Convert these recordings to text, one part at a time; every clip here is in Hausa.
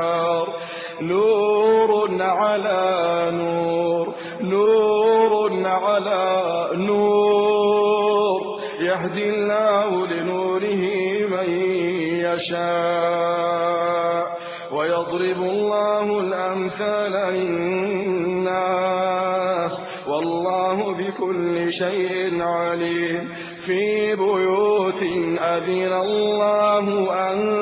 نور على نور نور على نور يهدي الله لنوره من يشاء ويضرب الله الأمثال للناس والله بكل شيء عليم في بيوت أذن الله أن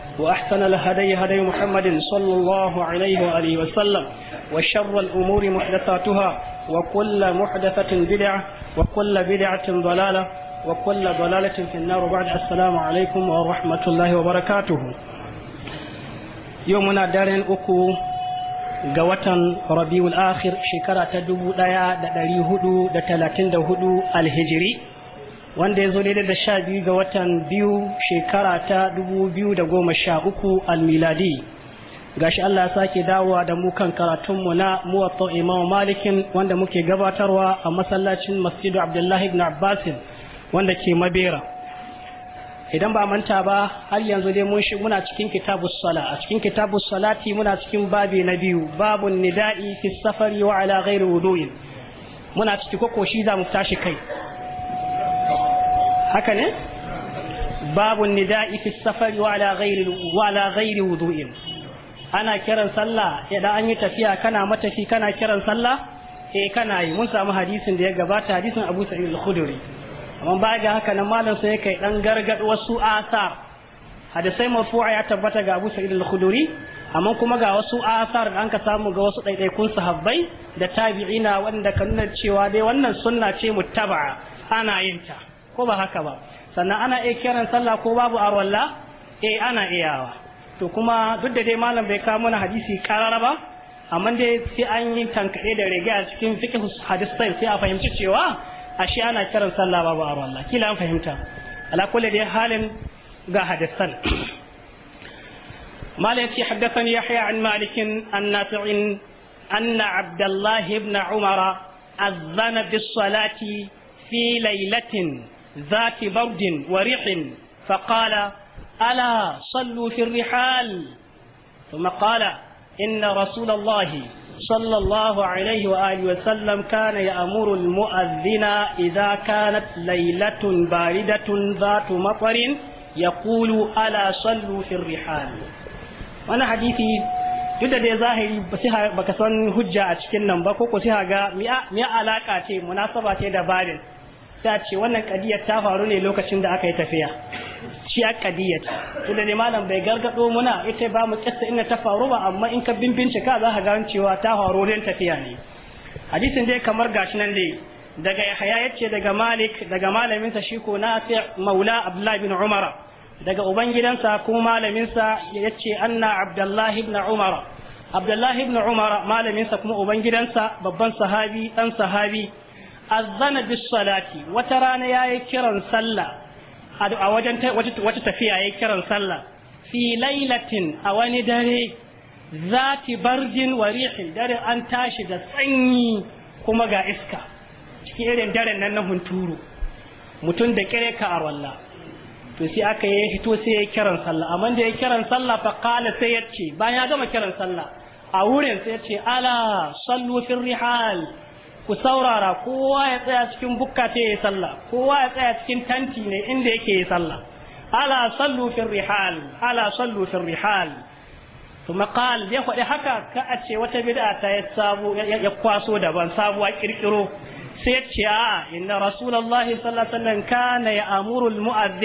وأحسن الهدي هدي محمد صلى الله عليه وآله وسلم وشر الأمور محدثاتها وكل محدثة بدعة وكل بدعة ضلالة وكل ضلالة في النار بعد السلام عليكم ورحمة الله وبركاته يومنا دارين أكو ga ربيع الآخر akhir تدبو ta dubu ɗaya da ɗari wanda ya zo daidai da sha biyu ga watan biyu shekara ta dubu biyu da goma sha uku almiladi gashi Allah ya sake dawowa da mu kan karatunmu na muwatta imam malikin wanda muke gabatarwa a masallacin masjidu abdullahi ibn abbasin wanda ke mabera idan ba manta ba har yanzu dai mun shi muna cikin kitabu sala a cikin kitabu salati muna cikin babi na biyu babun nida'i fi safari wa ala ghairi wudu'in muna ciki ko shi za mu tashi kai haka ne babu nida ifi safari wa ala ghairi wudu'in ana kiran sallah idan an yi tafiya kana matafi kana kiran sallah e kana yi mun samu hadisin da ya gabata hadisin Abu Sa'id al-Khudri amma ba ga haka nan malam sai kai dan gargadu wasu asar hadisai marfu'a ya tabbata ga Abu Sa'id al-Khudri amma kuma ga wasu asar da anka samu ga wasu ɗaiɗaikun sahabbai da tabi'ina wanda kan nuna cewa dai wannan sunna ce muttaba ana yin ta ko ba haka ba sannan ana iya kiran sallah ko babu arwalla eh ana iyawa to kuma duk da dai malam bai kawo mana hadisi karara ba amma dai sai an yi tankaɗe da riga a cikin fiqh hadis sai a fahimci cewa ashe ana kiran sallah babu arwalla kila an fahimta ala kulli dai halin ga hadisan مالك حدثني يحيى عن مالك عن نافع أن عبد الله بن عمر أذن بالصلاة في ليلة ذات برد وريح فقال ألا صلوا في الرحال ثم قال إن رسول الله صلى الله عليه وآله وسلم كان يأمر المؤذن إذا كانت ليلة باردة ذات مطر يقول ألا صلوا في الرحال وأنا حديثي duk da dai zahiri baka san hujja a cikin nan ba ko ku sai ga mi'a alaka ce munasaba ce da barin ta ce wannan kadiyar ta faru ne lokacin da aka yi tafiya shi a kadiyar to da malam bai gargado muna ita ba mu kissa inda ta faru ba amma in ka bincika za ka gane cewa ta faru ne tafiya ne hadisin dai kamar gashi nan dai daga yahya yace daga malik daga malamin sa shi ko nafi maula abdullahi bin umara daga uban gidansa kuma malamin sa yace anna abdullahi ibn umara abdullahi ibn umara malamin sa kuma uban gidansa babban sahabi dan sahabi azzana bis salati wata rana yayi kiran sallah a wajen wata tafiya yayi kiran sallah fi lailatin a wani dare zati barjin wa rihin dare an tashi da sanyi kuma ga iska cikin irin daren nan na hunturu mutum da kire ka walla. to sai aka yi fito sai ya kiran sallah amma da ya kiran sallah fa qala sai ya ce bayan ya gama kiran sallah a wurin sai ya ce ala sallu fil rihal ku saurara kowa ya tsaya cikin bukka ce ya sallah kowa ya tsaya cikin tanti ne inda yake ya sallah ala sallu fil rihal ala sallu fil rihal to maqal ya faɗi haka ka a ce wata bid'a ta ya sabo ya kwaso daban sabuwa kirkiro sai ya ce a inna rasulullahi sallallahu alaihi wasallam kana ya'muru al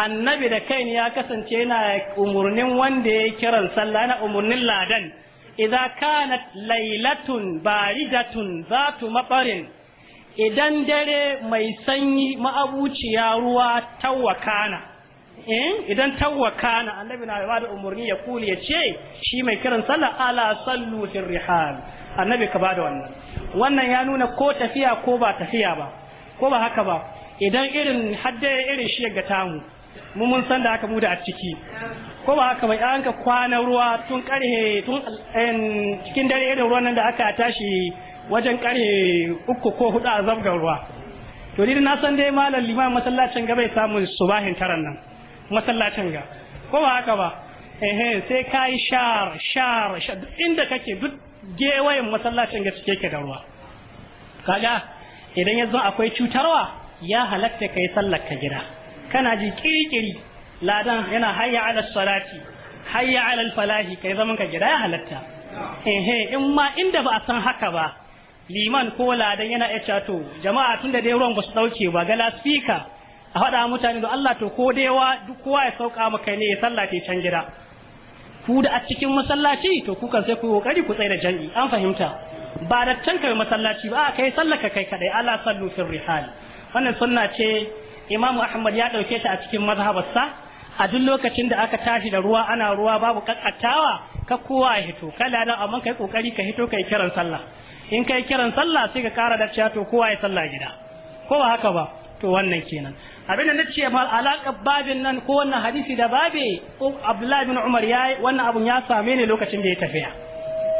annabi da kai ya kasance yana umurnin wanda ya kiran sallah na umurnin ladan idza kana lailatun baridatun zatu maɓarin idan dare mai sanyi ma'abuciya ruwa tawakana idan tawakana annabi na bada da umarni ya kuli ya ce shi mai kiran sallah ala sallu fil rihal annabi ka bada wannan wannan ya nuna ko tafiya ko ba tafiya ba ko ba haka ba idan irin hadda irin shi ga tamu mu mun san da aka mu da a ciki ko ba haka ba an ka kwana ruwa tun karhe tun eh, cikin dare da ruwan nan da aka tashi wajen karhe uku ko hudu a zabgar ruwa to ni na san dai malam liman masallacin ga bai samu subahin taran nan masallacin ga ko ba haka ba ehe sai kai shar shar inda kake duk gewayen masallacin ga cike ke da ruwa kaga idan yanzu akwai cutarwa ya halatta kai sallar ka gida kana ji kirkiri ladan yana hayya ala salati hayya ala falahi kai zaman ka gida ya halatta eh in ma inda ba a san haka ba liman ko ladan yana ya cato jama'a tunda dai ruwan ba su dauke ba ga lasfika a faɗa mutane da Allah to ko dai wa duk kowa ya sauka maka ne ya sallace can gida ku da a cikin masallaci to kukan sai ku kokari ku tsaya da jam'i, an fahimta ba da can kai masallaci ba kai sallaka kai kadai ala sallu fil rihal wannan sunna ce Imam Ahmad ya dauke ta a cikin mazhabarsa a duk lokacin da aka tashi da ruwa ana ruwa babu kakkatawa ka kowa ya hito kala da amma kai kokari ka hito kai kiran sallah in kai kiran sallah sai ka kara da cewa to kowa ya sallah gida ko ba haka ba to wannan kenan abin da nace mal alaka babin nan ko wannan hadisi da babe umm Abdullahi bin Umar yayi wannan abun ya same ne lokacin da ya tafiya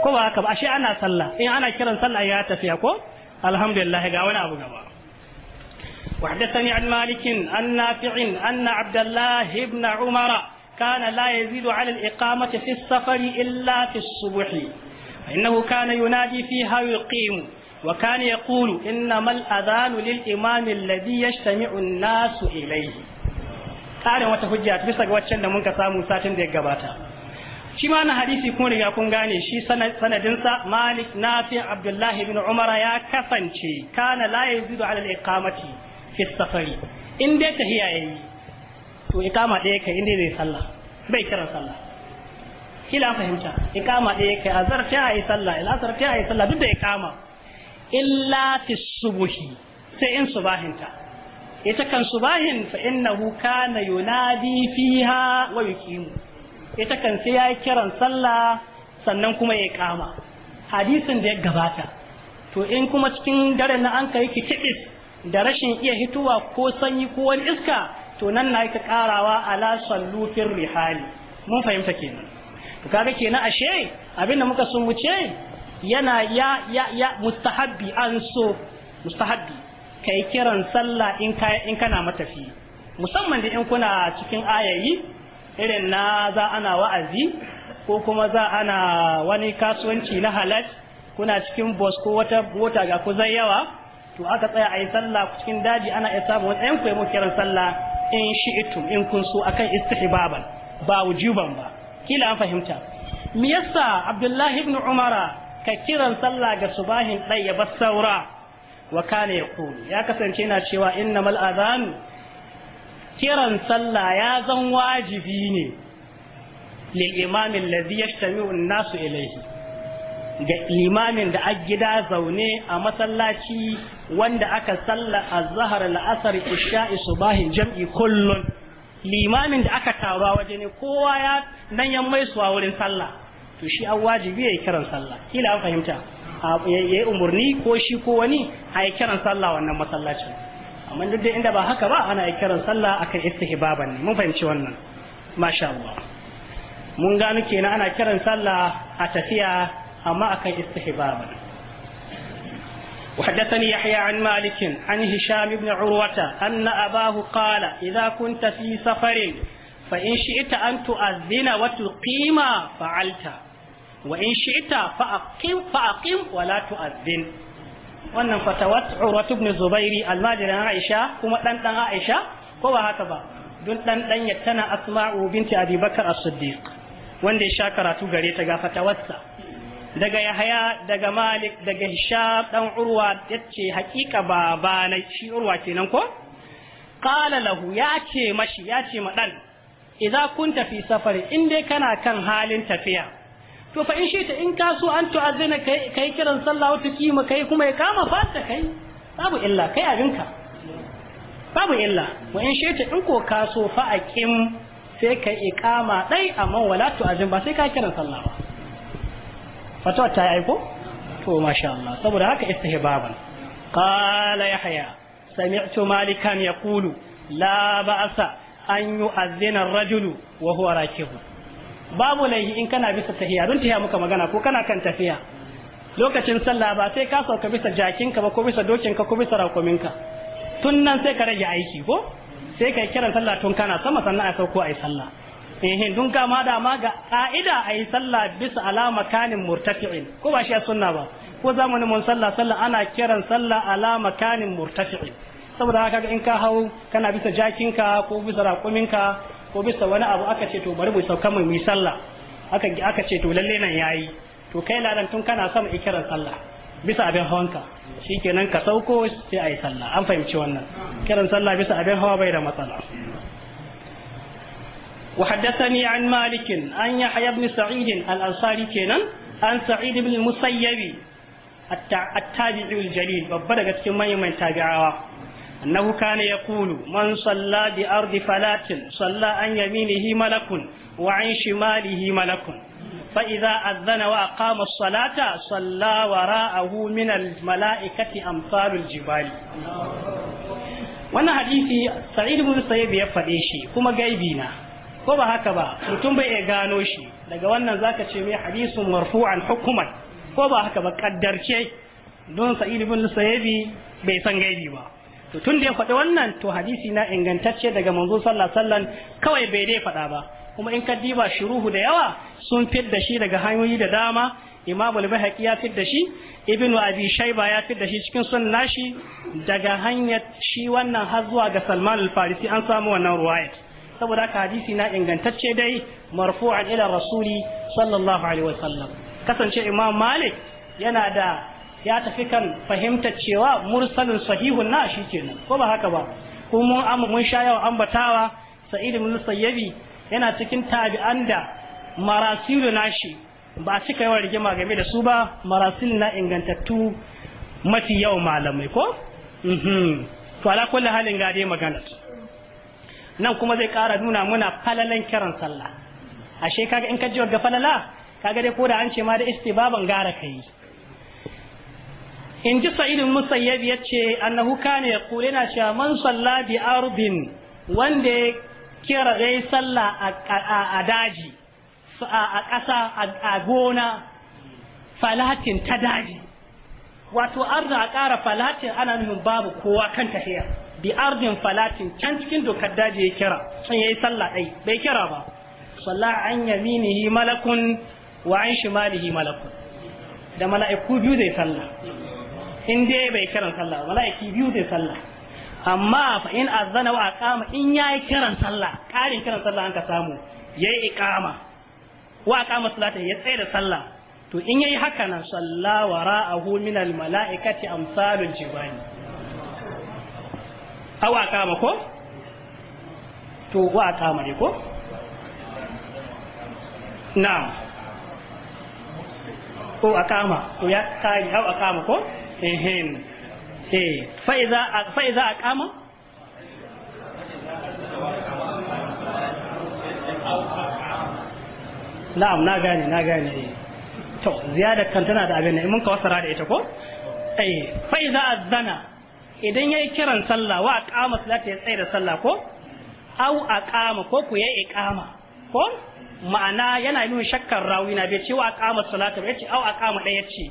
ko ba haka ba ashe ana sallah in ana kiran sallah ya tafiya ko alhamdulillah ga wani abu gaba وحدثني عن مالك عن نافع أن عبد الله بن عمر كان لا يزيد على الإقامة في السفر إلا في الصبح فإنه كان ينادي فيها ويقيم وكان يقول إنما الأذان للإمام الذي يجتمع الناس إليه أعلم وتفجأت بس أقوى تشند منك سامو ساتن دي قباتا شما نهديسي كون يكون غاني شي سنة مالك نافع عبد الله بن عمر يا كسنشي كان لا يزيد على الإقامة fi safari in dai tahiya yayi to ikama ɗaya kai in dai zai sallah bai kiran sallah kila fahimta ikama ɗaya kai azar ta yi sallah ila azar ta yi sallah duk da ikama illa fi subuhi sai in subahinta ita kan subahin fa innahu kana yunadi fiha wa yuqim ita kan sai ya kiran sallah sannan kuma ya kama hadisin da ya gabata to in kuma cikin dare na an kai ki da rashin iya hituwa ko sanyi ko wani iska to nan na ka karawa ala sallufin rihali mun fahimta kenan to kaga kenan ashe abinda muka sun muce yana ya ya ya mustahabbi an so mustahabbi kai kiran sallah in kai in kana matafi musamman da in kuna cikin ayayi irin na za ana wa'azi ko kuma za ana wani kasuwanci na halal kuna cikin bus ko wata mota ga ku yawa to aka tsaya a yi sallah cikin daji ana iya samun wani ɗayan ku kiran sallah in shi'itum in kun so akan istihbaban ba wujuban ba kila an fahimta me yasa abdullahi ibn umara ka kiran sallah ga subahin ɗai ya bar saura wa kana ya kuli ya kasance na cewa innamal azanu kiran sallah ya zan wajibi ne lil imamin alladhi yastami'u an-nasu ilayhi ga limamin da a gida zaune a masallaci wanda aka salla a zahar la'asar isha'i subahin jam'i kullun limamin da aka taruwa waje ne kowa ya nan ya maisuwa wurin sallah to shi an wajibi ya yi kiran sallah kila an fahimta ya yi umarni ko shi ko wani a yi kiran sallah wannan masallacin amma duk da inda ba haka ba ana yi kiran sallah akan istihbaban ne mun fahimci wannan masha Allah mun gano kenan ana kiran sallah a tafiya أما أكن استحبابا وحدثني يحيى عن مالك عن هشام بن عروة أن أباه قال إذا كنت في سفر فإن شئت أن تؤذن وتقيم فعلت وإن شئت فأقم فأقم ولا تؤذن wannan fatawat urwatu ibn zubairi almajirin aisha kuma dan dan aisha ko ba haka ba don dan dan tana asma'u binti abubakar as-siddiq wanda ya sha karatu gare ta ga fatawarsa daga Yahaya daga Malik daga Hisham dan Urwa yace hakika baba na shi Urwa kenan ko qala lahu yace mashi yace ma dan idza kunta fi safari in dai kana kan halin tafiya to fa in shi ta in kaso an azina kai kai kiran sallah wata kima kai kuma ya kama fata kai babu illa kai abinka babu illa wa in shi ta in ko kaso fa aqim sai kai iqama dai amma wala azin ba sai ka kiran sallah ba fatawa ta yi aiko to masha Allah saboda haka istihbaban qala yahya sami'tu malikan yaqulu la ba'sa an yu'adhdhina ar-rajulu wa huwa rakibu babu laihi in kana bisa tahiya don tahiya muka magana ko kana kan tafiya lokacin sallah ba sai ka sauka bisa jakinka ba ko bisa dokinka ko bisa rakuminka tun nan sai ka rage aiki ko sai ka kiran sallah tun kana sama sannan a sauko a sallah eh dun kama da ma ga ka'ida a yi sallah bisa alama kanin murtafi'in ko ba shi sunna ba ko zamanin mun sallah sallah ana kiran sallah alama kanin murtafi'in saboda haka in ka hau kana bisa jakinka ko bisa raƙuminka ko bisa wani abu aka ce to bari mu sauka mu yi sallah aka aka ce to lalle nan yayi to kai ladan tun kana sama ikiran sallah bisa abin hawanka shikenan ka sauko sai ayi sallah an fahimci wannan kiran sallah bisa abin hawa bai da matsala وحدثني عن مالك أن يحيى بن سعيد الأنصاري كينا عن سعيد بن المسيب التابعي الجليل وبدأ كما يمن تابعا أنه كان يقول من صلى بأرض فلاة صلى عن يمينه ملك وعن شماله ملك فإذا أذن وأقام الصلاة صلى وراءه من الملائكة أمثال الجبال wannan hadisi sa'id ibn sayyid ya faɗe shi kuma gaibi na ko ba haka ba mutum bai iya gano shi daga wannan zaka ce mai hadisun marfu'an hukuman ko ba haka ba kaddarce don sa'id ibn sayyibi bai san gaibi ba to tun da ya faɗi wannan to hadisi na ingantacce daga manzo sallallahu alaihi wasallam kawai bai dai faɗa ba kuma in ka diba shuruhu da yawa sun fidda shi daga hanyoyi da dama imam al-bahaqi ya fidda shi Ibn abi shayba ya da shi cikin sunan daga hanyar shi wannan har zuwa ga salman al-farisi an samu wannan ruwayat saboda haka hadisi na ingantacce dai marfu'an ila rasuli sallallahu alaihi wa sallam kasance imam malik yana da ya tafi kan fahimtar cewa mursalin sahihun na shi kenan ko ba haka ba kuma mun sha yawa ambatawa sa'id ibn sayyabi yana cikin tabi'an da marasilu shi ba cika yawan rigima game da su ba marasil na ingantattu mafi yawan malamai ko mhm. to ala kulle halin ga dai magana nan kuma zai ƙara nuna muna falalan kiran sallah ashe kaga in ka ji wadda falala kaga dai ko da an ce ma da istibaban gara kai in ji Sa'idu musayyab yace annahu kana kula na cewa man salla bi Arbin, wanda kira yayi sallah a daji a ƙasa a gona falatin ta daji wato arda a ƙara falatin ana nufin babu kowa kan tafiya bi ardin falatin can cikin dokar daji ya kira ya yi sallah dai bai kira ba salla an yaminihi malakun wa an shimalihi malakun da mala'iku biyu zai sallah in dai bai kiran sallah mala'iki biyu zai sallah amma fa in azana wa aqama in yayi kiran sallah karin kiran sallah an ka samu yayi iqama wa aqama salata ya tsaya da sallah to in yayi haka nan salla wara'ahu min al mala'ikati amsalul jibani awa kama ko to wa kama ne ko na'am ko akama to ya kari aw akama ko ehem eh Faiza iza fa iza akama na'am na gane na gane eh. to ziyadar kan tana da abin mun ka wasara da ita ko eh faiza iza azana idan ya yi kiran sallah wa aqama salata ya tsaya da sallah ko au kama ko ku yayi iqama ko ma'ana yana nuna shakkar rawi na bai ce wa aqama salata bai ce au aqama ɗaya yace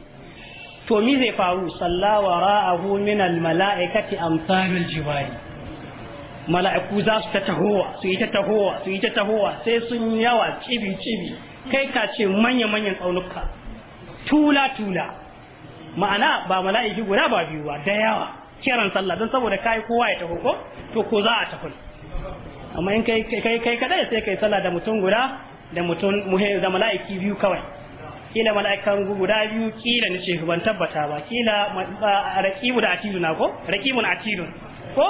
to mi zai faru salla wa ra'ahu min al mala'ikati amsalul jibali mala'iku za su ta tahowa su yi ta tahowa su yi ta tahowa sai sun yawa cibi cibi kai ka ce manya manyan tsaunuka tula tula ma'ana ba mala'iki guda ba biyu ba da yawa kiran sallah don saboda kai kowa ya taho ko to ko za a tafi amma in kai kai kai kadai sai kai sallah da mutum guda da mutum muhe da mala'iki biyu kawai kila mala'ikan guda biyu kila ni ce ban tabbata ba kila raqibu da atidun ko raqibun atidun ko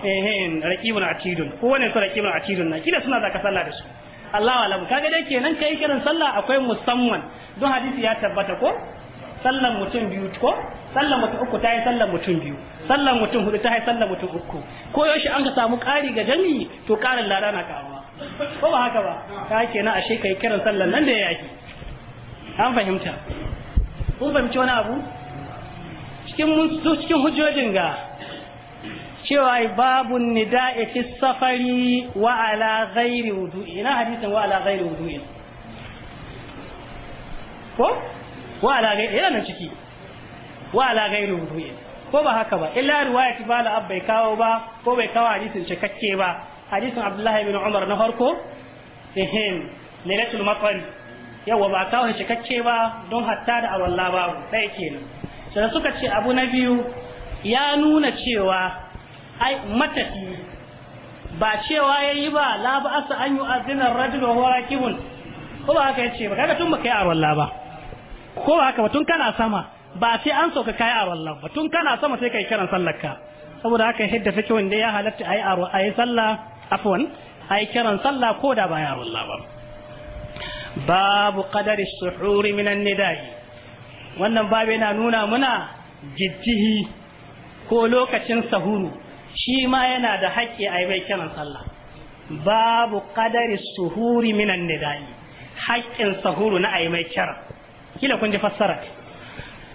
eh raqibun atidun ko wani su raqibun atidun na kila suna zaka sallah da su Allahu alam kaga dai kenan kai kiran sallah akwai musamman don hadisi ya tabbata ko sallan mutum biyu ko sallan mutum uku ta yi sallan mutum biyu sallan mutum hudu ta yi sallan mutum uku ko yaushe an ka samu ƙari ga jami'i to ƙarin lada na karuwa ko ba haka ba ta ke na ashe kai kiran sallan nan da ya yaki an fahimta kun fahimci wani abu cikin cikin hujjojin ga cewa babun nida'i fi safari wa ala ghairi wudu'i ina hadisin wa ala ghairi wudu'i ko wa ala gai yana nan ciki wa ala gai rubu'in ko ba haka ba illa ta bala abbai bai kawo ba ko bai kawo hadisin cikakke ba hadisin abdullahi bin umar na farko ehem lailatul matari yawa ba kawo cikakke ba don hatta da awalla ba sai kenan sai suka ce abu na biyu ya nuna cewa ai matafi ba cewa yayi ba la ba asa an yu'adhina ar-rajulu wa huwa rakibun ko ba haka yace ba kaga tun baka yi awalla ba ko ba haka ba tun kana sama ba sai an sauka kai a wallan ba tun kana sama sai kai kiran sallar ka saboda haka hidda take wanda ya halatta ayi aro ayi sallah afwan ayi kiran sallah ko da ba ya wallan ba babu qadari suhuri minan nidai wannan babu yana nuna muna jijjihi ko lokacin sahuru shi ma yana da haƙƙi a mai kiran sallah babu qadari suhuri minan nidai haƙƙin sahuru na ayi mai kiran كلا كنت ji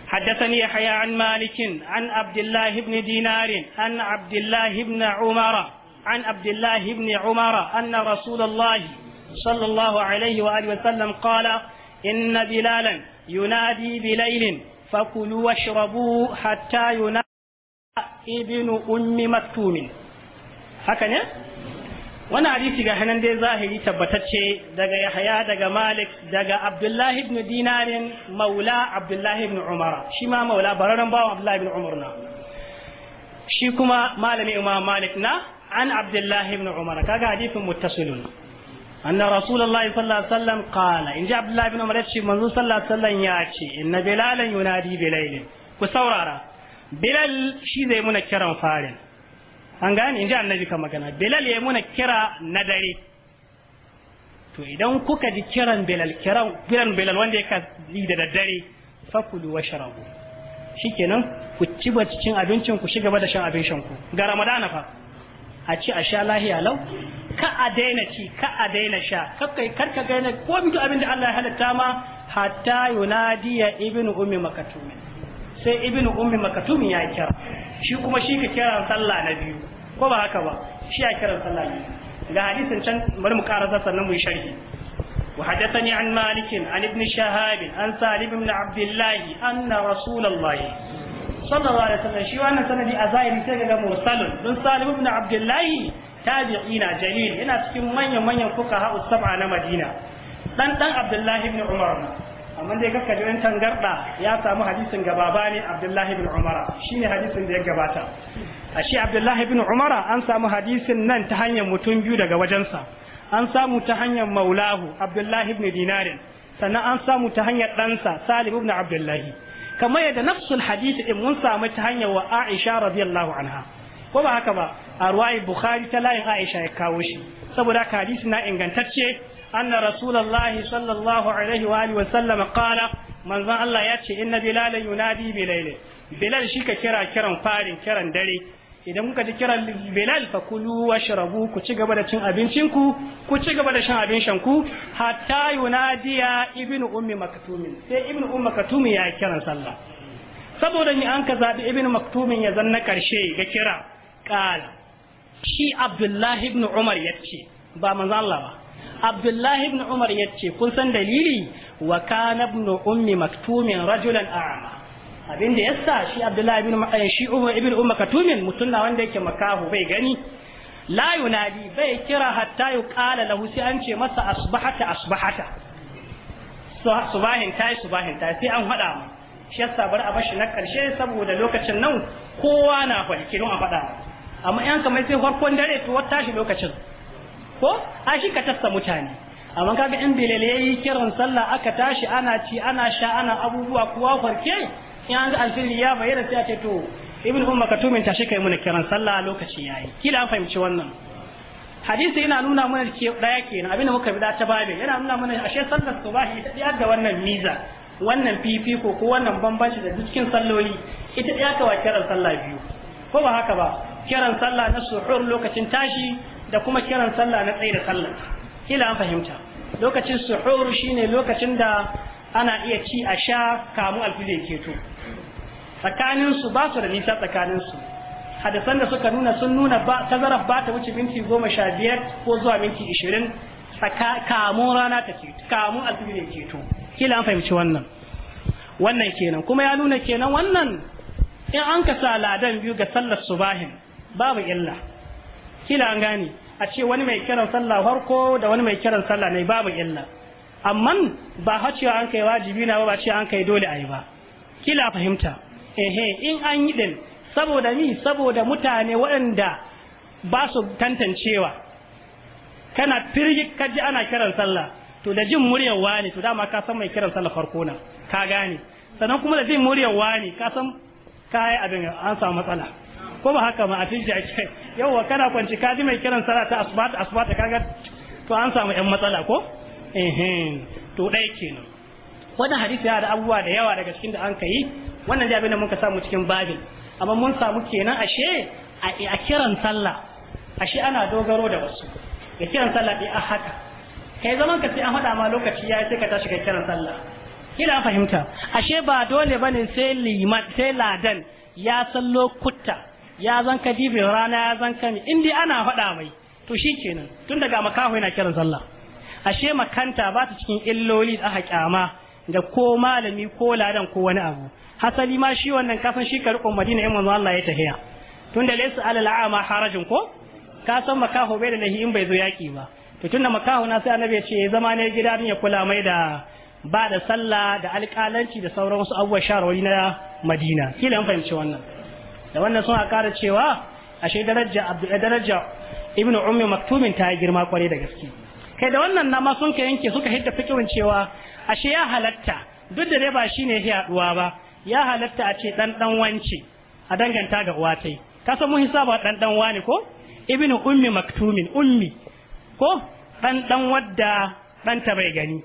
حدثني يحيى عن مالك عن عبد الله بن دينار عن عبد الله بن عمر عن عبد الله بن عمر أن رسول الله صلى الله عليه وآله وسلم قال إن بلالا ينادي بليل فكلوا واشربوا حتى ينادي ابن أم مكتوم هكذا wani hadisi ga hannun dai zahiri tabbatacce daga yahaya daga malik daga abdullahi ibn dinarin maula abdullahi ibn umara shi ma maula bararren bawa abdullahi ibn umar na shi kuma malami imam malik na an abdullahi ibn umar kaga hadisin muttasilun anna An na alaihi wasallam qala in ji abdullahi ibn umar yace manzo sallallahu alaihi ya ce inna bilalan yunadi bilailin ku saurara bilal shi zai muna kiran farin an gane in ji annabi ka magana bilal ya muna kira na dare to idan kuka ji kiran bilal kiran kiran bilal wanda ya yi da daddare fakulu wa sharabu shikenan ku ci ba cikin abincin ku shiga ba da shan abincin ku ga ramadana fa a ci a sha lahiya lau ka a daina ci ka a daina sha kakkai karka gaina ko mutu abin da Allah ya halatta ma hatta yunadiya ibnu ummi makatumin sai ibnu ummi makatumin ya kira shi kuma shi ka kiran sallah na biyu ko ba haka ba shi ya kiran sallah ne ga hadisin can bari mu karasa sannan mu yi sharhi وحدثني عن مالك عن ابن شهاب عن سالم بن عبد الله أن رسول الله صلى الله عليه وسلم شو أن سندي أزاير سيدنا مرسل بن سالم بن عبد الله تابعين جليل هنا تكون من يمن يفقها السبعة مدينة dan dan Abdullahi ibn Umar amma dai kakka wancan garda ya samu hadisin ga baba ne abdullahi bin umara shine hadisin da ya gabata a shi abdullahi bin umara an samu hadisin nan ta hanyar mutum biyu daga wajensa an samu ta hanyar maulahu abdullahi ibn dinarin sannan an samu ta hanyar ɗansa salim ibn abdullahi kamar yadda nafsul hadisi in mun samu ta hanyar wa aisha radiyallahu anha ko ba haka ba a ruwayi bukhari ta layin aisha ya kawo shi saboda haka hadisi na ingantacce أن رسول الله صلى الله عليه وآله وسلم قال من ظن الله يأتي إن بلال ينادي بليل بلال شيك كرا كرا فارين كرا دري idan kuka ji kiran bilal fa kulu washrabu ku ci gaba da cin abincin ku ku ci gaba da shan abin shan ku hatta yunadiya ibnu ummi maktumin sai ibnu ummi maktumin ya kiran sallah saboda ni an ka zabi ibnu maktumin ya zanna karshe ga kira qala shi abdullahi Ibnu umar yace ba manzo Allah ba abdullahi ibn umar ya ce kun san dalili wa kana ibn ummi maktumin rajulan a'ma abin da yasa shi abdullahi ibn Umar eh, shi umar ibn Umar katumin mutunna wanda yake makahu bai gani la yunadi bai kira hatta yuqala lahu sai an ce masa asbahata asbahata subahin tayi subahin tayi sai an faɗa mu shi yasa bar a bashi na karshe saboda lokacin nan kowa na falki don a faɗa amma yan kamar sai farkon dare to wata shi lokacin ko a shi ka tassa mutane amma kaga in bilal yayi kiran sallah aka tashi ana ci ana sha ana abubuwa kuwa farke in an ga alfili ya bayyana sai a ce to ibn umma tumin tashi kai muna kiran sallah lokaci yayi kila an fahimci wannan hadisi yana nuna mana ke daya kenan abinda muka bida ta babin yana nuna mana ashe sallar subahi ita diyar da wannan miza wannan fifiko ko wannan bambanci da cikin salloli ita diyar ka wa kiran sallah biyu ko ba haka ba kiran sallah na suhur lokacin tashi da kuma kiran sallah na tsaye da sallah kila an fahimta lokacin suhur shine lokacin da ana iya ci a sha kamu alfide keto tsakanin su ba su da nisa tsakanin su hadisan da suka nuna sun nuna ba zaraf ba ta wuce minti goma sha biyar ko zuwa minti ishirin kamun rana ta keto kamun alfide keto kila an fahimci wannan wannan kenan kuma ya nuna kenan wannan in an ka sa ladan biyu ga sallar subahin babu illa kila an gane a ce wani mai kiran sallah farko da wani mai kiran sallah mai babu illa amma ba ha cewa an kai wajibi na ba ba ce an kai dole a yi ba kila fahimta ehe in an yi din saboda ni saboda mutane waɗanda ba su tantancewa kana firgi kaji ana kiran sallah to da jin muryar wani to dama ka san mai kiran sallah farko na ka gane sannan kuma da jin muryar wani ka san kai abin an samu matsala ko ba haka ma a tinji ake yawwa kana kwanci ka ji mai kiran sallah ta asibata asibata ta kaga to an samu yan matsala ko to dai kenan wannan hadisi ya da abubuwa da yawa daga cikin da an kai wannan da abin da muka samu cikin babin amma mun samu kenan ashe a kiran sallah ashe ana dogaro da wasu ya kiran sallah dai a haka kai zaman ka sai an faɗa ma lokaci ya sai ka tashi ka kiran sallah kila fahimta ashe ba dole bane sai liman sai ladan ya san lokuta ya zan ka dibin rana ya zan ka in ana faɗa mai to shi kenan tun daga makaho yana kiran sallah ashe makanta ba ta cikin illoli da aka kyama ga ko malami ko ladan ko wani abu hasali ma shi wannan kasan shi karkon madina in manzo Allah ya tahiya tun da laysa alal a'ma harajin ko ka san makaho bai da nahi in bai zo yaki ba to tun da makaho na sai annabi ya ce zama ne gida ya kula mai da ba da sallah da alƙalanci da sauran wasu abubuwa shawarwari na madina kila an fahimci wannan da wannan sun ƙara cewa ashe daraja abdu eh, daraja ibnu ummi maktumin ta yi girma kwarai da gaske kai da wannan nama sun ka yanke suka hidda fikirin cewa ashe ya halatta duk da dai ba shine ya haduwa ba ya halatta a ce dan dan wance a danganta ga uwa tai ka san mu hisaba dan dan wani ko ibnu ummi maktumin ummi ko dan dan wadda ɗanta bai gani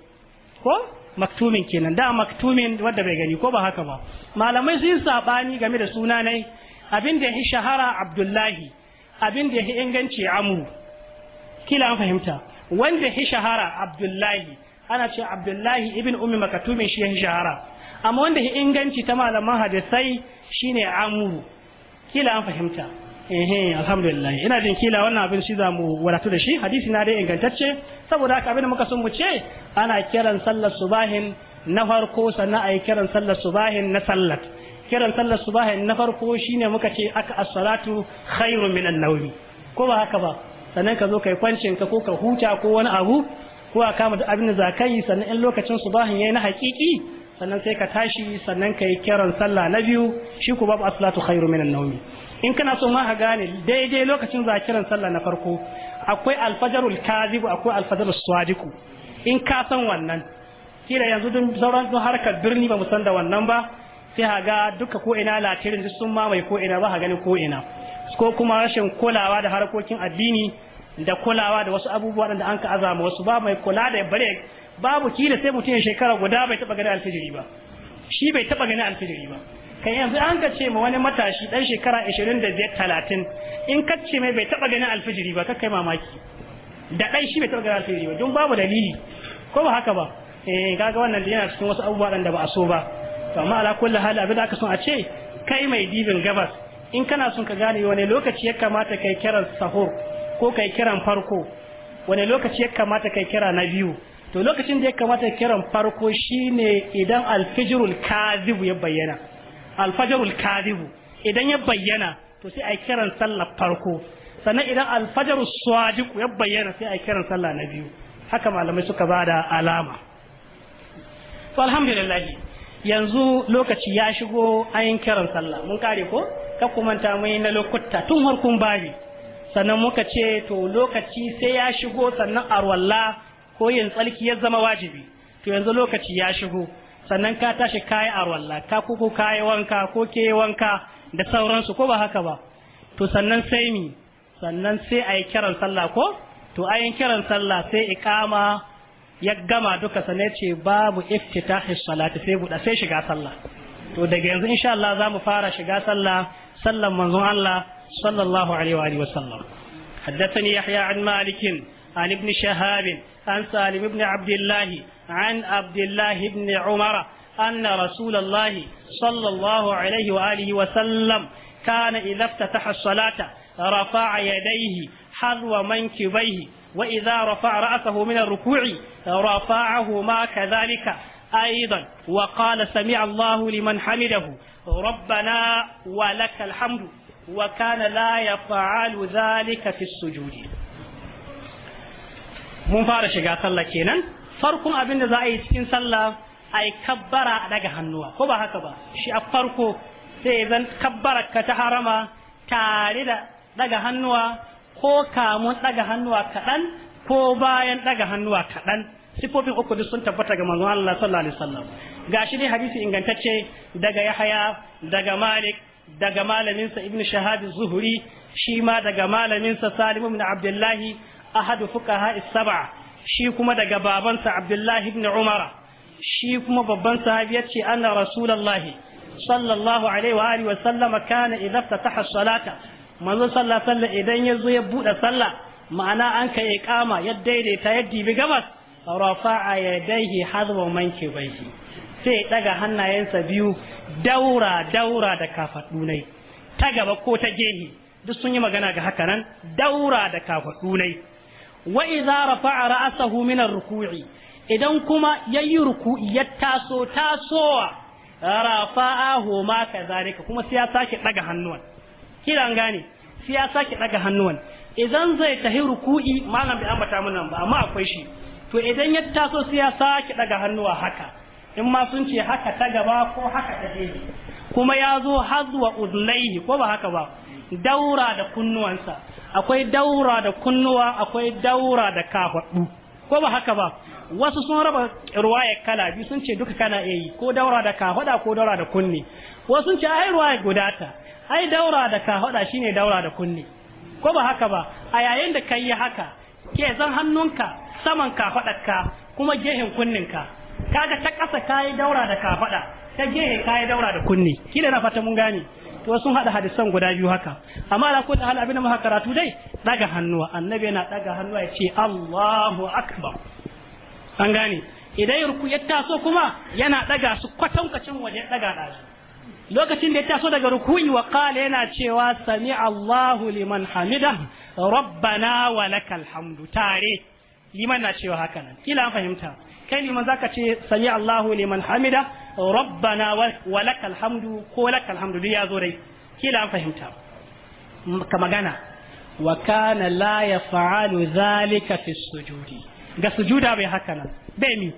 ko maktumin kenan da maktumin wadda bai gani ko ba haka ba malamai sun sabani game da suna ne abin da ya shahara abdullahi abin da ya inganci amru kila an fahimta wanda ya shahara abdullahi ana ce abdullahi ibn umi makatumi shi ya shahara amma wanda ya inganci ta malaman hadisai shine amru kila an fahimta ehe alhamdulillah ina jin kila wannan abin shi za mu wadatu da shi hadisi na dai ingantacce saboda haka abin da muka son mu ce ana kiran sallar subahin na farko sannan a yi kiran sallar subahin na sallar. kiran sallar subahi na farko shine muka ce aka as-salatu khairun an nawmi ko ba haka ba sannan ka zo kai kwancin ka ko ka huta ko wani abu ko a kama da abin da zakai sannan in lokacin subahin yayi na hakiki sannan sai ka tashi sannan kai kiran sallah na biyu shi ku babu as-salatu khairun minan nawmi in kana so ma ka gane daidai lokacin zakiran sallah na farko akwai alfajarul kazibu akwai alfajarul swadiku in ka san wannan kila yanzu dun sauran harkar birni ba mu san da wannan ba sai ga duka ko ina latirin duk sun mamaye ko ina ba ganin ko ina ko kuma rashin kulawa da harkokin addini da kulawa da wasu abubuwa da an ka azama wasu ba mai kula da bare babu kila sai mutum ya shekara guda bai taba ganin alfijiri ba shi bai taba ganin alfijiri ba kai yanzu an ka ce ma wani matashi dan shekara 25 30 in ka ce mai bai taba ganin alfijiri ba kai mamaki da dai shi bai taba ganin alfijiri ba don babu dalili ko ba haka ba eh kaga wannan yana cikin wasu abubuwa da ba a so ba to amma ala kulli hali abin da aka son a ce kai mai dibin gabas in kana son ka gane wani lokaci ya kamata kai kiran sahur ko kai kiran farko wani lokaci ya kamata kai kira na biyu to lokacin da ya kamata kiran farko shine idan alfijirul kadhibu ya bayyana alfajirul kadhibu idan ya bayyana to sai a kiran sallar farko sannan idan alfajarus swadiq ya bayyana sai a kiran sallah na biyu haka malamai suka bada alama to alhamdulillah yanzu lokaci ya shigo ayin kiran sallah mun kare ko ka kuma ta mai na lokuta tun harkun bari sannan muka ce to lokaci sai ya shigo sannan arwalla ko yin tsalki ya zama wajibi to yanzu lokaci ya shigo sannan ka tashi kayi arwalla ka kuku kayi wanka ko ke wanka da sauransu ko ba haka ba to sannan sai mi sannan sai a yi kiran sallah ko to ayin kiran sallah sai ikama ya gama duka sane ce babu iftitahi salati sai buɗa sai shiga sallah to daga yanzu insha Allah za mu fara shiga sallah sallan manzon Allah sallallahu alaihi wa sallam. wasallam haddathani yahya an malik an ibn shahab an salim ibn abdullah an abdullah ibn umara anna rasulullah sallallahu alaihi wa alihi wasallam kana idza iftataha salata rafa'a yadayhi hadwa mankibaihi وإذا رفع رأسه من الركوع رفعهما كذلك أيضا وقال سمع الله لمن حمده ربنا ولك الحمد وكان لا يفعل ذلك في السجود مفارشة شجاع صلى كينا فاركم أبن ذا إسكين صلى أي كبرا لك هنوا كبا هكبا شيء أفاركو سيزن كبرا كتحرما تاريدا لك هنوا ko kamun daga hannuwa kaɗan ko bayan daga hannuwa kaɗan sifofin uku duk sun tabbata ga manzon Allah sallallahu alaihi wasallam gashi dai hadisi ingantacce daga Yahya daga Malik daga malamin sa Ibn Shahab Zuhri shi ma daga malamin sa Salim ibn Abdullah ahad fuqaha as-sab'a shi kuma daga babansa Abdullah ibn Umar shi kuma babban sahabi ce anna rasulullahi sallallahu alaihi wa alihi wa sallama kana idza fataha as-salata manzo sallah sallah idan ya zo ya buɗe sallah ma'ana an kai iqama ya daidaita ya dibi gabas rafa'a yadayhi hadwa mankibaihi sai daga hannayensa biyu daura daura da kafadu ne ta gaba ko ta gehi duk sun yi magana ga haka nan daura da kafadu ne wa idza rafa'a ra'sahu min ar-ruku'i idan kuma yayi ruku'i ya taso tasowa rafa'ahu ma kazalika kuma sai ya sake daga hannuwan kira gane sai ya sake daga hannuwan idan zai tahi ruku'i malam bai ambata mun nan ba amma akwai shi to idan ya taso sai ya sake daga hannuwa haka in ma sun ce haka ta gaba ko haka ta gefe kuma ya zo hazwa udlaihi ko ba haka ba daura da kunnuwansa akwai daura da kunnuwa akwai daura da kafaɗu ko ba haka ba wasu sun raba ruwaya kala biyu sun ce duka kana iya yi ko daura da kafaɗa ko daura da kunne wasu sun ce ai ruwaya guda ta ai daura da kafaɗa shine daura da kunne ko ba haka ba a yayin da kai haka ke zan hannunka saman kafaɗarka kuma gehen ka kaga ta kasa kai daura da kafaɗa ta gehe kai daura da kunne kila na fata mun gane to sun hada hadisan guda biyu haka amma ala kulli hal abin da karatu dai daga hannuwa annabi yana daga hannuwa ya ce Allahu akbar an gane idan ruku ya taso kuma yana daga su kwatankwacin waje daga dazu lokacin da ya taso daga ruku'i wa qala yana cewa sami Allahu liman hamida rabbana wa lakal hamdu tare liman na cewa haka nan kila an fahimta kai liman zaka ce sami Allahu liman hamida rabbana wa lakal hamdu ko lakal hamdu duk ya zo dai kila an fahimta ka magana wa kana la yaf'alu zalika fi sujudi ga sujuda bai haka nan bai mi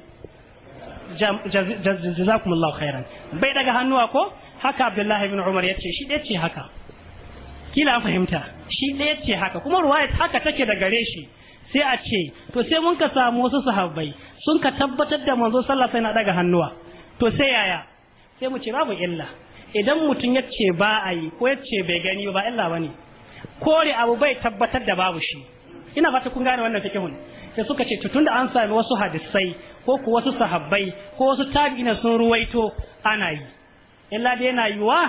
jazakumullahu khairan bai daga hannuwa ko haka abdullahi ibn umar ya ce shi dai ce haka kila fahimta shi dai ce haka kuma ruwayat haka take da gare shi sai a ce to sai mun ka samu wasu sahabbai sun ka tabbatar da manzo sallallahu alaihi wasallam daga hannuwa to sai yaya sai mu ce babu illa idan mutum ya ce ba a yi ko ya ce bai gani ba illa bane kore abu bai tabbatar da babu shi ina fata kun gane wannan fikihun sai suka ce tun da an sami wasu hadisai ko ku wasu sahabbai ko wasu tabi'ina sun ruwaito ana yi illa da yana yiwa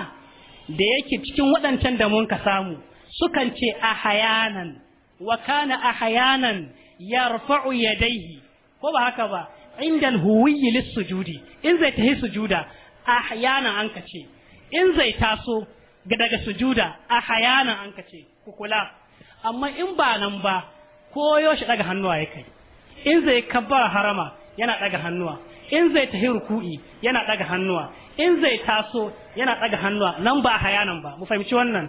da yake cikin waɗancan da mun ka samu sukan ce ahayanan wa kana ahayanan yarfa'u yadayhi ko ba haka ba inda alhuwiyyi sujudi in zai tahi sujuda ahyana an ka ce in zai taso daga sujuda ahyana an ka ce ku kula amma in ba nan ba koyo shi ɗaga hannuwa ya kai in zai kabbara harama yana ɗaga hannuwa in zai tahi ruku'i yana daga hannuwa in zai taso yana ɗaga hannuwa nan ba haya nan ba mu fahimci wannan